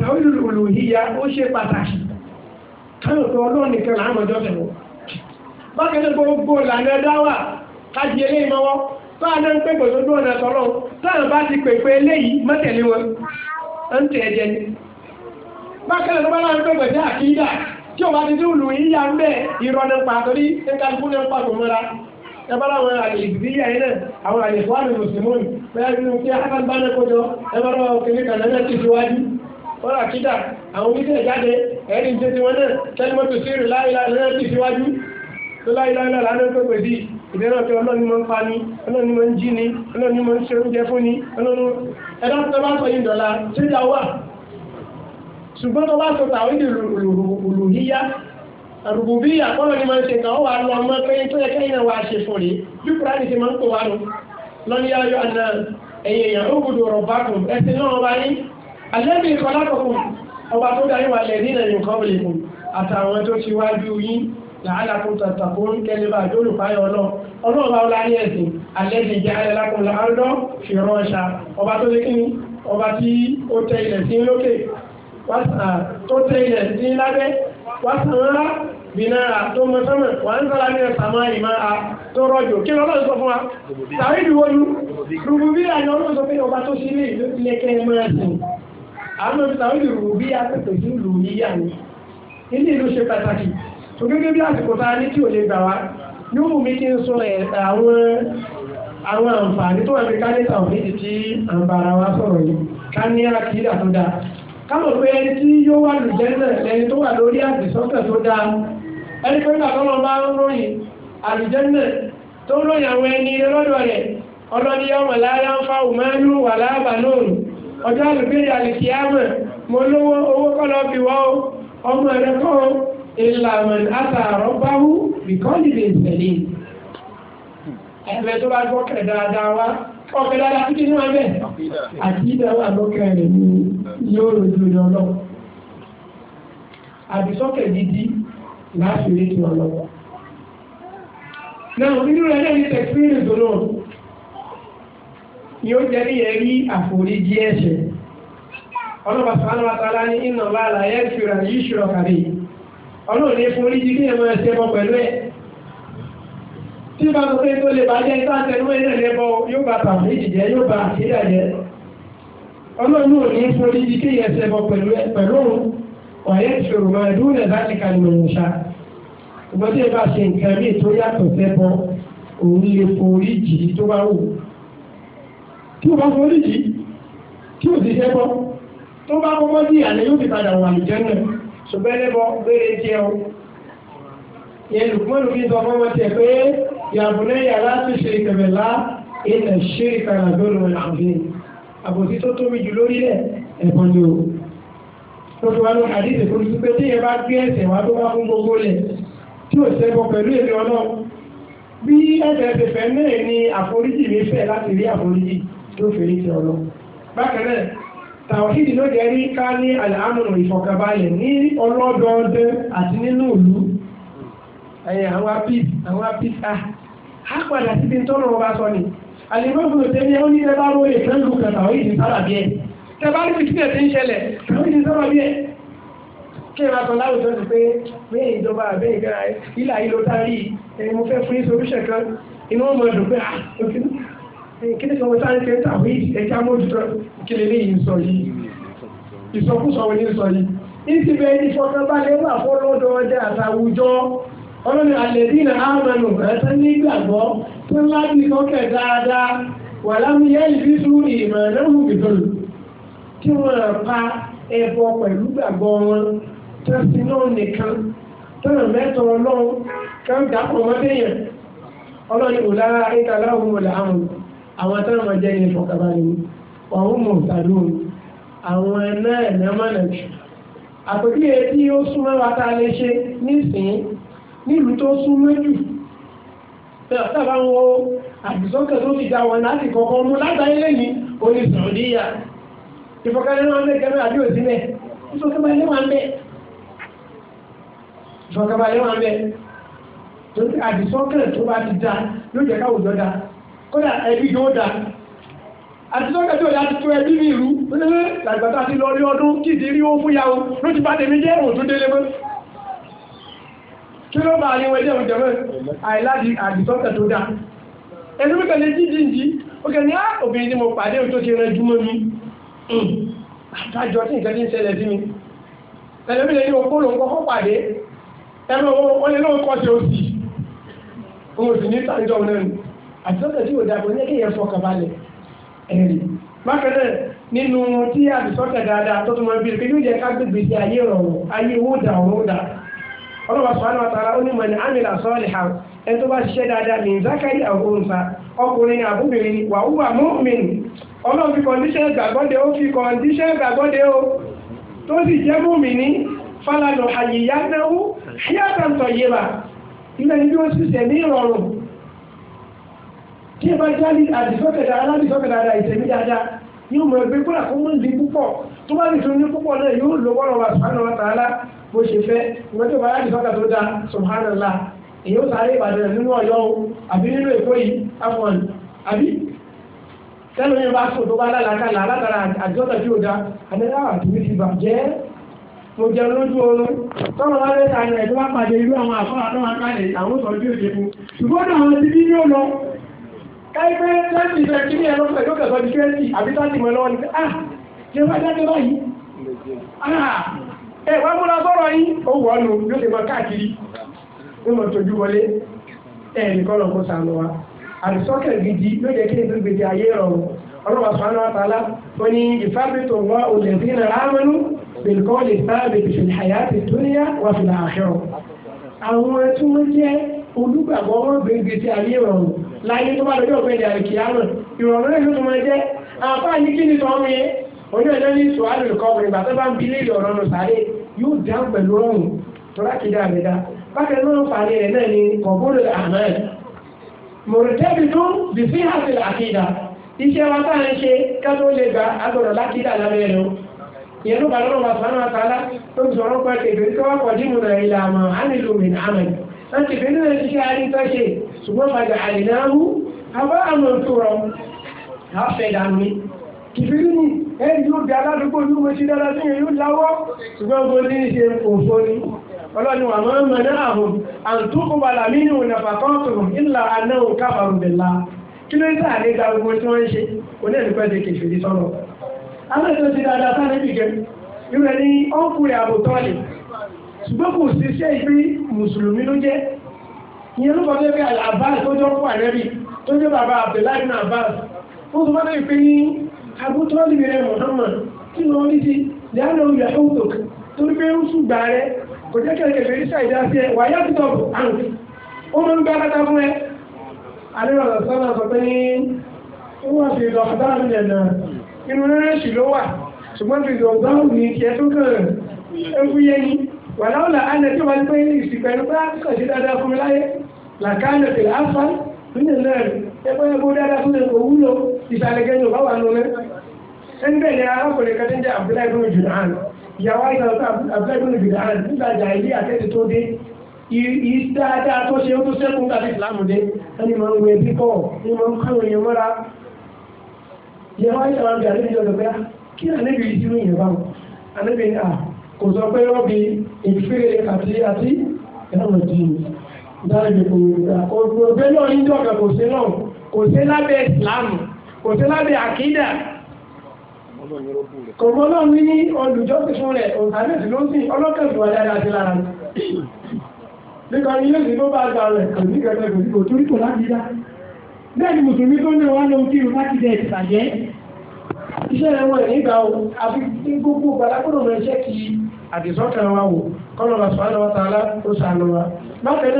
tàwílù olùhíyà ó ṣe pàtàkì káyọ̀ tó ọlọ́run nìkan là ń mọ̀jọ́ tẹ̀wọ́. bákan náà gbogbo ìlànà dáwà kájí eléyìí mọ́wọ́ bá a náà ń pè pẹ̀lú ojú ọ̀nà tọ́lọ́ táwọn bá ti pè pé eléyìí mọ́tẹ̀lé wọn ń tẹ̀ ẹ̀jẹ̀ ni. bákan náà bá láwọn pè pẹ̀lú àkídà tí o bá ti dúró olùhíyà ń bẹ̀ ìrọ̀nà pàtórí ẹbá láwọn àlèzíyà iná àwọn kí wọ́n rà kídà àwọn oníṣẹ́ ìjáde ẹ̀rí ṣe ti wọn náà kẹ́lí mọ́tò sí ìrìn láìláì náà ti síwájú tó láìláì náà lánàá tó pèsè ìdẹ́rọ̀ pé ọlọ́ni mọ́ ń pa ní ọlọ́ni mọ́ ń jí ní ọlọ́ni mọ́ ń ṣe oúnjẹ fún ní ọlọ́ni ẹ̀dá tó bá sọ yìí dọ̀la ṣé ìjà wà ṣùgbọ́n tó bá sọ tàwọn ìdí olùhíyá àrùbùbí àkọ́lọ́ ni máa ń ṣe nǹkan ó wà lọ ọmọ pé tó yẹ kẹ́yìn náà wà á ṣe fún rí bí kúránì ti máa ń pò wá nù lọ́ní ayọ̀ àná ẹ̀yìn èèyàn ó gbọdọ̀ rọ̀ bá kùn ẹ̀sìn náà wáyé àlẹ́bí ìkọlákọ̀kùn ọba tó darí wà lẹ̀ nínà nǹkan òlìkùn àtàwọn tó ti wájú yín làálàkùn tàtàkùn kẹlẹ́bà jólùpáyọ̀ náà ọlọ́run bá wọlá ní ẹ̀sìn àlẹ́bí ìjà alákùn làálọ́ fi ránṣà ọba tó lé kíní ọba tí ó tẹ ilẹ̀ sí lókè tó tẹ ilẹ̀ sí lábẹ́ wàsàn ńlá bìnnà tó mọ sọ́mọ̀ wà ń sọ́ra ní ẹ̀sà máa ìmá a tó rọ̀jò kí lọ́lọ́ sọ fún wa tàbí ìdíwọ́lú rúbùbí àyọ̀ ọlọ́sọ ọba tó sí ilé ìlú ilé àwọn ọmọ ìtàwọn ìlú bí àtẹ̀tẹ̀ sí ìlú yíyà ni ilé ìlú ṣe pàtàkì tó gẹ́gẹ́ bí àsìkò tá a ní tí ò lè gbà wá ní òun mi kí n sọ àwọn àwọn àǹfààní tó wà ní kálẹ́tà òní ti tí à ń bára wa sọ̀rọ̀ yìí ká ní àkídà tó dáa ká mọ̀ pé ẹni tí yóò wà lùjẹ́ náà ẹni tó wà lórí àdìsọ́kẹ̀ tó dáa ẹni pé nígbà tọ́lọ́ bá ń ròyìn àlùjẹ́ náà tó ròyìn àwọn ẹni lọ́dọ̀ rẹ̀ ọlọ́ni ọmọ láyá ń fa òmẹ́lú wà lábàánú òrùn ọjọ́ àlùbíyà lè kí á mọ̀ mo lówó owó kọ́ lọ́ọ́ fi wọ́ o ọmọ rẹ kọ́ o ìlànà àtàrọ̀ báwú bìkọ́lì lè tẹ̀lé. ẹ̀fẹ̀ tó bá gbọ́ kẹ̀ dáadáa wá ọ̀kẹ́ dáadáa tó kí ní wọn bẹ́ẹ̀ àti ìdáwọ́ àlọ́kẹ́ rẹ̀ ni yóò rojú ní ọlọ́wọ́ àdìsọ́kẹ̀ gidi láti rí ti ọlọ́wọ́. náà nínú rẹ̀ lẹ́yìn tẹ̀síìrì tó náà ni ó jẹ́ níyẹn rí àforíjì ẹ̀ṣẹ̀ ọlọ́ba sàánù àtàlà ní iná lára ẹ̀ fìrà yìí ṣùrọ̀ kàrí ọlọ́run ní foríjì bí ẹ̀mọ ẹ̀ṣẹ̀ mọ pẹ̀lú ẹ̀ tí bá tó pé tó lè bàjẹ́ tó àtẹnú ẹ̀ náà lẹ́bọ yóò bá tàbí ìjìjẹ́ yóò bá àṣírí jẹ́ ọlọ́run ò ní foríjì bí ẹ̀ṣẹ̀ mọ foríjì tó bá wù tí ó bá fọ́ lè yìí tí ó ti ṣẹ́ bọ́ tó bá kọ́kọ́ sí ìyàlẹ́ yóò fi padà wà lùjẹ́ náà ṣùgbọ́n ẹlẹ́bọ béèrè e jẹ́ o yẹn lùkúmọ́lù fi sọ fọ́mọ tẹ̀ pé yàbùnẹ́ yàrá tó ṣe ìkẹ̀mẹ̀ lá ilẹ̀ ṣe ìkàrà lórí wọn àfihàn àbòsí tó tóbi jù lórí rẹ̀ ẹ̀bọ ni o tó fi wá ní àdìsí fún mi pé tí yẹn bá gbé ẹsẹ̀ wá tó bá fún gbogbo rẹ̀ tí ò ṣẹ́bọ pẹ̀lú èmi ọlọ́run bí ẹ̀fẹ̀ ẹ̀fẹ̀ náà ni àforíjì mi fẹ́ láti rí àforíjì yóò fèrè ti ọ̀lọ́. bákan náà tàwáhídì ló jẹ́ rí ká ní àlàámùrù ìfọ̀kànbalẹ̀ ní ọlọ́dọọdún àti nínú ìlú ẹ̀yìn àwọn apis àwọn apis ah, a á padà síbi tó lọ́wọ́ bá sọ ni àlèmọ́fún òtẹ́ni ó ní ẹbá ró ètò ìlú kan tàwáhídì sára bí ẹ̀ tẹ́bá ní ìpínlẹ̀ tí ń ṣẹlẹ̀ tàwáhídì sára bí ẹ̀ kí ẹ bá sọ láwùjọ ti pé bẹ́ẹ̀ ìjọba àbẹ́ ìgbéra ilà yìí ló dárí ẹni mo fẹ́ fún yín solúṣẹ̀ kan inú ọmọ ẹ̀dùn pé ah kíni sọ wọn sáré kẹta àwọn ẹja mójútó kíni ní ìsọ yìí ìsọkúsọ wọn ní ìsọ yìí ìsìnkú ẹni fọkànbalẹ̀ wà fọlọ́dọ̀ ọjà àtàwùjọ ọlọ́ni àlẹ́dí náà àmàlù ẹ̀sẹ̀ nígbàgbọ́ tó láti kọ́kẹ́ dáadáa wà lámúyẹ́ ìbísú ìmọ̀ ẹ̀rọ ìdòlù tí wọ́n pa ẹbọ pẹ̀lú gbàgbọ́ wọn tẹ́sí náà nìkan tọ́nà mẹ́tọ̀ ọlọ́run kan dàpọ̀ mọ́tẹ́yìn ọlọ́ni òlára ìtàláhùn ọ̀là àmàlù àwọn táwọn máa jẹ́ yẹn fọkàbalẹ̀ ni wọ́n ń mọ̀ tàbí òun àwọn náà ẹ̀nà mọ̀nà jù àpèjúwe tí ó súnmọ́ wa tá a lè ṣe nísìnyí nílùú tó súnmọ́ jù tàbá ń wo àdìsọ́kẹ̀ tó ti dá wọn láti kọ̀ọ̀kan mú látàrí lẹ́yìn oní sàndíyà ìfọ̀kànlẹ̀ wọn bẹ́ẹ̀ kẹ́mẹ́ àbí òsì bẹ́ẹ̀ ìfọ̀kànlẹ̀ wọn bẹ́ẹ̀ ìfọ̀kànlẹ̀ wọn bẹ́ẹ̀ àdìsọ́kẹ̀ tó bá ti dá ló jẹ́ káwùjọ dáa kódà ẹbí yóò dá àti lọ́gbẹ̀ tí ó yá ti tó ẹbí ní ìlú lágbàtà ti lọ rí ọdún kí ìdí rí ó fún yàwó ló ti bá tèmi jẹ́ òun tó délé mọ́ kí ló bá yíwọ ẹjẹ́ òun jẹ́mọ́ àìláàdì àdìsọ́tẹ̀ tó dá ẹni mi kẹ̀lé jíjì jí ó kẹ́ ní á obìnrin ni mo pàdé òun tó ti rẹ júmọ́ mi àtàjọ tí nǹkan ti ń ṣẹlẹ̀ sí mi ẹlẹ́mi lè ní okó lòun kọ́kọ́ pàdé ẹnu wọn lè lóun kọ́ sí òsì òun sì ní tàǹjọ́ náà àtúntò tí òde àbò ní kí yẹn fọkàn balẹ̀ ẹ̀rì bákan náà nínú tí àbísọ́kẹ̀ dáadáa tó tún máa ń bí yóò jẹ́ ká gbègbè sí ayé ìrọ̀rùn ayé owó dà ọ̀rọ̀ dà ọlọ́wà sọ́nà àtàrà ó ní mọ̀ ní amílà sọ́ọ̀lì hàn ẹni tó bá ṣiṣẹ́ dáadáa ní zákàrí àgbóǹsà ọkùnrin àbúbìnrin wà wúwà mọ́ọ̀mìn ọlọ́run fi kọ́ndíṣẹ́ gbàgbọ́dé ó fi kọ́ndíṣẹ́ gbàgbọ́dé ó tó sì jẹ́ mọ́ọ̀mìnì fálànà kí ẹ bá jáde àdìsọ́kẹ̀dá aládìsọ́kẹ̀dá àdá ìtẹ̀mí dáadáa yóò mọ̀ ẹgbẹ́ kúrò kó mú ní púpọ̀ tó bá nìṣó ní púpọ̀ náà yóò lọ wọ́n lọ́wọ́ subhanahu wa ta'ala bó ṣe fẹ́ ìwọ́n tó bá aládìsọ́kẹ̀ tó dá subhanallah èyí ó sáré ìbàdàn nínú ọ̀yọ́ àbí nínú èkó yìí afọ̀n àbí tẹ́lẹ̀ yẹn bá sọ tó bá lálàkàlà látara àdìsọ́kẹ̀ tí ó dá àdẹ́rẹ́ àtúwí ti bàjẹ́ mo jẹun lójú oorun tọ́lọ́ wá lẹ́ta ẹ̀rọ ẹ̀ tó pàdé irú àwọn àkọ́ àtọ́wà kálẹ̀ àwọn sọ̀rọ̀ bí ṣùgbọ́n àwọn ti bí ní lọ káyipẹ́ twenty twenty ní ẹ̀rọ pẹ̀lú kẹsàn-án di twenty àbí thirty mọ́ lọ́wọ́ ni pé ah ṣe wá jáde báyìí ah ẹ wá múra sọ̀rọ̀ yín ó wọ̀ ọ́nù yóò ṣe mọ káàkiri ó mọ̀ tójú wọlé ẹ̀ nìkan lọ kó sànù wa àdìsọ́kẹ̀ gidi ló jẹ́ kí n tún gbèdé ayé rọrùn ọlọ́wà sọ́nà àtàlá wọ́n ní ìfábítò wọ́n olèdí na rámánú bèlkọ́lì sáàbì fìlìhàyà ti dúníyà wà fìlà àṣọ àwọn láyé tó bá lójú ọ̀pẹ ìdí àrùn kìámù ìrọ̀rùn lójú tó máa jẹ́ àfa ní kí ni tọ́ mi oní ọjọ́ ní sùhálù kọ́ọ̀bù nígbà tó bá ń bilé ìrọ̀rùn nù sáré yóò dá pẹ̀lú ọ̀hún tọ́lá kìdá mi dá bákan náà fàáyé rẹ̀ náà ni kọ̀bùrù àmọ́ mọ̀rùtẹ́bì tó bì sí àfihàn àkìdá iṣẹ́ wa tá à ń ṣe kátó lè gba agbọ̀dọ̀ lákìdá lábẹ́ rẹ̀ o ìyẹn ló bá lọ́wọ́ bá sọ́nà àtàlá tó ń sọ̀rọ̀ pẹ́ kẹfẹ́ tó wà pọ̀ dìbò náà ìlànà àmì lómi àmì láti fẹ́ nínú ẹ̀ ṣiṣẹ́ àríntọ́ṣe ṣùgbọ́n máa jẹ àìnáhù abá àmọ̀ tó rọ àfẹ́ ìdánwé kìfìrí ni ẹni yóò bí aládùúgbò ní mo ṣe dára sí yóò láwọ́ ṣùgbọ́n mo ní ṣe òfò ni ọlọ́ni wà máa ń mọ náà àhùn àǹtúkù balà nínú nàfà kọ́ọ̀tùrù ńlá anáhùn kábàrù bẹ̀lá kí ló ń tà ní ga ni ọ́nkùnrin àbòtọ́ọ̀lì ṣùgbọ́n kò sí iṣẹ́ ìpín mùsùlùmí ìyẹn ló kọjá pé Abbas tó jọ fún àrẹ́bì tó jẹ́ bàbá Abdullahi ibn Abbas ó sọ fọ́nà ìpé ní abútọ́lì rẹ̀ Muhammad kí lọ rí sí lẹ́yìn òun yàtọ̀ òtòk torí pé ó sùn gbà rẹ kò jẹ́ kẹ̀kẹ́ fèrè ṣàìdá sí ẹ wà yá títọ̀ àrùn ó máa ń gbá ni wà láwùlà á lẹ tí wọ́n pé ìsìnkú ẹni pé kàn làkàlẹ̀ tẹ̀lé afa nílẹ̀ náà rí ẹgbẹ́ ẹgbẹ́ dáadáa fún ẹgbẹ́ wúlò ìsàlẹ̀ gẹ́gẹ́ ọba wà lọ́lẹ́ ẹni bẹ́ẹ̀ ni arákùnrin kan ti ń jẹ́ Abdullahi bin Judan ìyàwó àìsàn ọ̀sán Abdullahi bin Judan nígbà jà ilé àtẹ́tẹ́ tó dé dáadáa tó ṣe ó tó sẹ́kùn tàbí ìsìlámù dé ẹni máa ń wẹ bí kọ́ ẹni máa ń káwọn èèyàn mọ́ra ìyàwó àìsàn ọ̀sán àbí àlejò ọ̀dọ̀ kí àlejò yìí ti rí ìyẹn báwọn àlejò yìí ah, kò sọ pé wọ́n fi ìfẹ́ àti àti ẹ̀rọ ìdí dáàbì kò kò gbé náà yíjọ kan kò sí náà kò sí lábẹ́ ìsìlámù kò sí lábẹ́ àkídà kò mọ́ náà ní olùjọ́sìn fún rẹ̀ òǹtàlẹ́sì ló sì ọlọ́kẹ̀sùn adára sí lára nípa ilé ìlú bá gbà rẹ̀ kò ní kẹ̀kẹ́ kò ní kò torí kò láti dá bẹ́ẹ̀ ni mùsùlùmí tó ní wá lóhun kírun láti jẹ ìtàjẹ́ iṣẹ́ rẹ̀ wọ̀ nígbà àfi gbogbo gbàlágbọ́dọ̀ mọ̀ iṣẹ́ kí àdìsọ́kẹ̀rẹ̀ wa wò kọ́nà subhanahu wa ta'ala ó sànù wa. bákan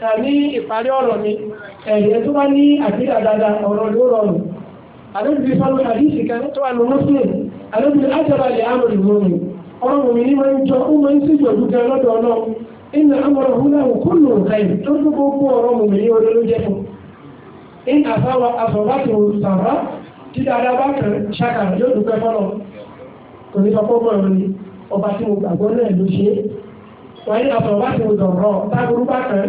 náà ní ìparí ọ̀rọ̀ mi ẹ̀yẹ tó bá ní àbídà dáadáa ọ̀rọ̀ ló rọrùn. àdébìbí fáwọn àdìsí kan tó wà lọ mọ́sílẹ̀ àdébìbí ájára lè àmọ̀ ìmọ̀ràn ọ̀rọ̀ mi ní máa ń jọ ó máa ń síjọ dúdú lọ́dọ̀ ọlọ́run inna amrahu lahu kullu khair tó tó gbogbo ọ̀rọ̀ mi ní olóló jẹ́ fún. in àfáwà àfọ̀bátò sàrà tí dáadáa bá kàn ṣàkàrà yóò dúpẹ́ fọ́lọ́ kò ní sọ fọ́gbọ́n mi ọba tí mo gbàgbọ́ náà ló ṣe é wàyí lọ́sọ̀ bá ti wù dọ̀rọ̀ táburú bá kàn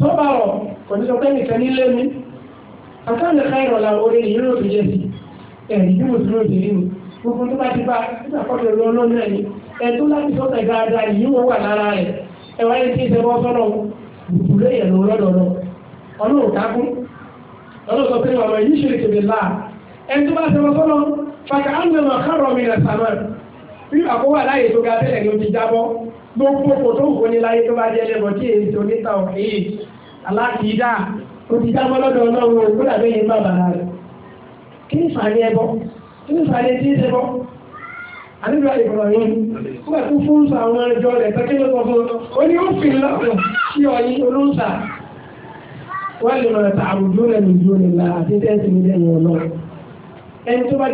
sọ́ba ọ̀ kò ní sọ pé nìkan nílé mi àtàwọn ẹ̀ka ìrọ̀lá orí yìí ló fi jẹ́ sí ẹ̀yìn bí mùsùlùmí ti rí mi gbogbo tó bá ti bá nígbà kọ́tọ̀ lọ lọ́nà ẹ̀yìn ẹ̀dún láti sọ́tẹ̀ dáadáa yìí wọ́n wà lára rẹ̀ ẹ̀wá yẹn ti ṣe bọ́ sọ́nà bùbùlé yẹn lọ lọ́dọọdọ ọlọ́run kákún ọlọ́run sọ bí bàbá wà láyé tó ga tẹ́lẹ̀ ló ti jábọ́ gbogbo kò tó wù ní láyé tó bá jẹ́ lẹ́bọ̀ tí èyí tó níta òfin aláàkídá kò ti jábọ́ lọ́dọ̀ ọlọ́run òkú làbẹ́ yẹn má bàrà rẹ̀ kí ni fàánì ẹbọ kí ni fàánì tí ń ṣẹbọ àníbà ìbọ̀rọ̀yìn fúgbà tó fún sọ àwọn ẹjọ́ rẹ̀ tó kí ló sọ fún ó ní ó fi lọ́kùn sí ọyìn olóńsà wọ́n lè mọ̀ ẹ̀ta àwùjọ rẹ̀ nìjọ nílá àti tẹ́sí nílẹ̀ yẹn lọ ẹni tó bá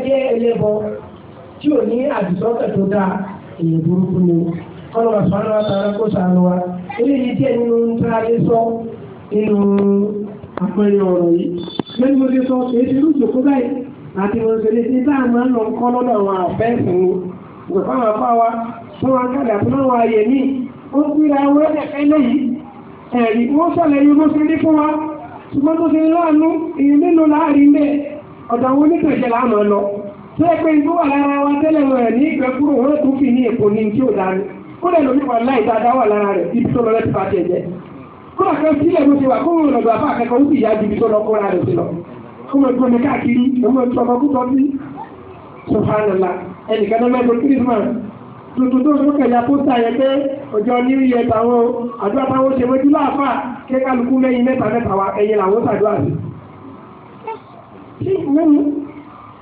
tí ò ní àdìsọ́kẹ̀ tó dáa èyí burúkú ni kọ́nà àfọwọ́n wa tààrà kó sànù wa eléyìí díẹ̀ nínú ń tẹ́ ayé sọ nínú àpẹẹrẹ ọ̀rọ̀ yìí lẹ́nu mo ti sọ èyí ti rújò kó báyìí àti mo ṣe lè ṣe tá a máa ń lọ kọ́ lọ́dọ̀ àwọn àfẹ́sìn gbọ̀fọ́n àfa wa fún wa kádà fún àwọn àyè mí ó ń gbéra wọ́n ẹ̀kẹ́ lẹ́yìn ẹ̀rí wọ́n sọ̀lẹ̀ yìí mo ti rí fún wa ṣùgbọ́n mo ti láàánú èyí mélòó láàrin bẹ́ẹ̀ ọ̀dọ̀ àwọn oníkẹ̀kẹ́ láàmú lọ tó yẹ pé inú wà lára wa tẹ́lẹ̀ rẹ̀ ní ìgbẹ́ kúrò wọ́n tún fi ní èkó ní tí ò dání ó lè lómi wà láì dáadáa wà lára rẹ̀ ibi tó lọ lẹ́tí fàájẹ jẹ kó lọ́kẹ́ sílẹ̀ ló ti wà kó wọn lọ́dọ̀ àfa akẹ́kọ̀ọ́ ó sì yá ju ibi tó lọ kó ra rẹ̀ sí lọ kó wọn gbọmọ káàkiri ọmọ ẹtù ọmọ kú tọ́sí sọfánàlà ẹnìkan náà mẹ́tò kírísímà tuntun tó tó kẹ̀yà pósítà yẹn pé ọjọ́ ní iye táwọn àdúrà táwọn ṣe wọ́n ti láàfà kékàlùkù lẹ́yìn mẹ́ta mẹ́ta wa ẹ̀yìn làwọn ṣàdúrà sí.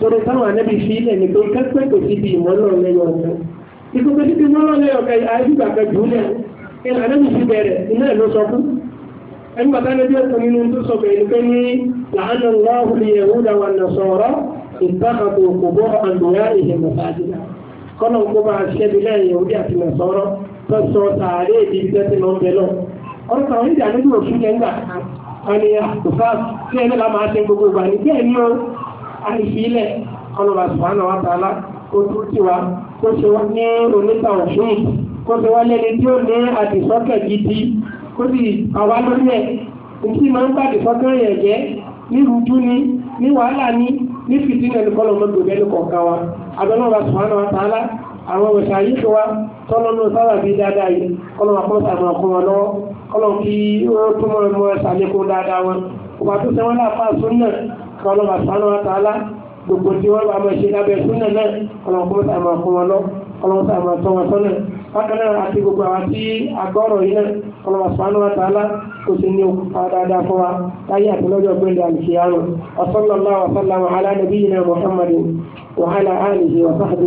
torí táwọn anábì fi ilẹ̀ ní pé kẹ́pẹ́ kò sí ibi ìmọ̀lọ́ lẹ́yọ̀ ọ̀kan ikú pé títí mọ́lọ́ lẹ́yọ̀ ọ̀kan àyíkúgbà kan jù ú lẹ̀ ilẹ̀ anábì fi bẹ̀rẹ̀ iná ẹ̀ ló sọ fún ẹni bàtà lẹ́bí ọ̀kan nínú tó sọ bẹ̀rẹ̀ ní pé ní làánà lọ́hùn lè yẹ̀wù dáwà nà sọ̀rọ̀ ìtàkàtò kò bọ́ àlùyá ìhẹ̀ mọ̀sáàdìlá kọ́nà kó bá ṣẹ́bi lẹ́yìn yẹ̀wù àti nà sọ̀rọ̀ tó sọ sàárè ìdí tẹ́tí lọ́ ah, ni àìfilẹ̀ ọlọ́ba sùpánà wa tààlà kó tó ti wa kó ṣe wá ní oníta òfin kó ṣe wá lẹ́ni tí ó ní àdìsọ́kẹ̀ gidi kó sì àwa lórí ẹ̀ òkú máa ń bá àdìsọ́kẹ̀ yẹn jẹ́ ní rújú ni ní wàhálà ni ní fìtínà ní kọ́lọ̀ mọ́tò bẹ́ẹ̀ kọ̀ọ̀kan wa abẹ́lọ́ba sùpánà wa tààlà àwọn òṣà yìí ṣe wa tọ́lọ́ náà sábà bí dáadáa yìí kọ́lọ́ wa kọ́ sàmà ọkọ wọn lọ́wọ́ kọ́lọ́ kí ó kọlọ́mà sánúwà tààlà gbogbo tí wọ́n bá máa ṣe lábẹ́ súnà náà ọlọ́run kó sàmà fún wọn lọ ọlọ́run sàmà tọ́ wọn sọ́nà bákan náà àti gbogbo àwọn tí agbọ́rọ̀ yìí náà kọlọ́mà sánúwà tààlà kò sí ní okùnfà dáadáa fún wa láyé àti lọ́jọ́ gbẹ̀lẹ̀ àlùkìyàmù ọ̀sán lọ́lá wàsálàmù alá nàbíyìnà Muhammadin wa ala alihi wa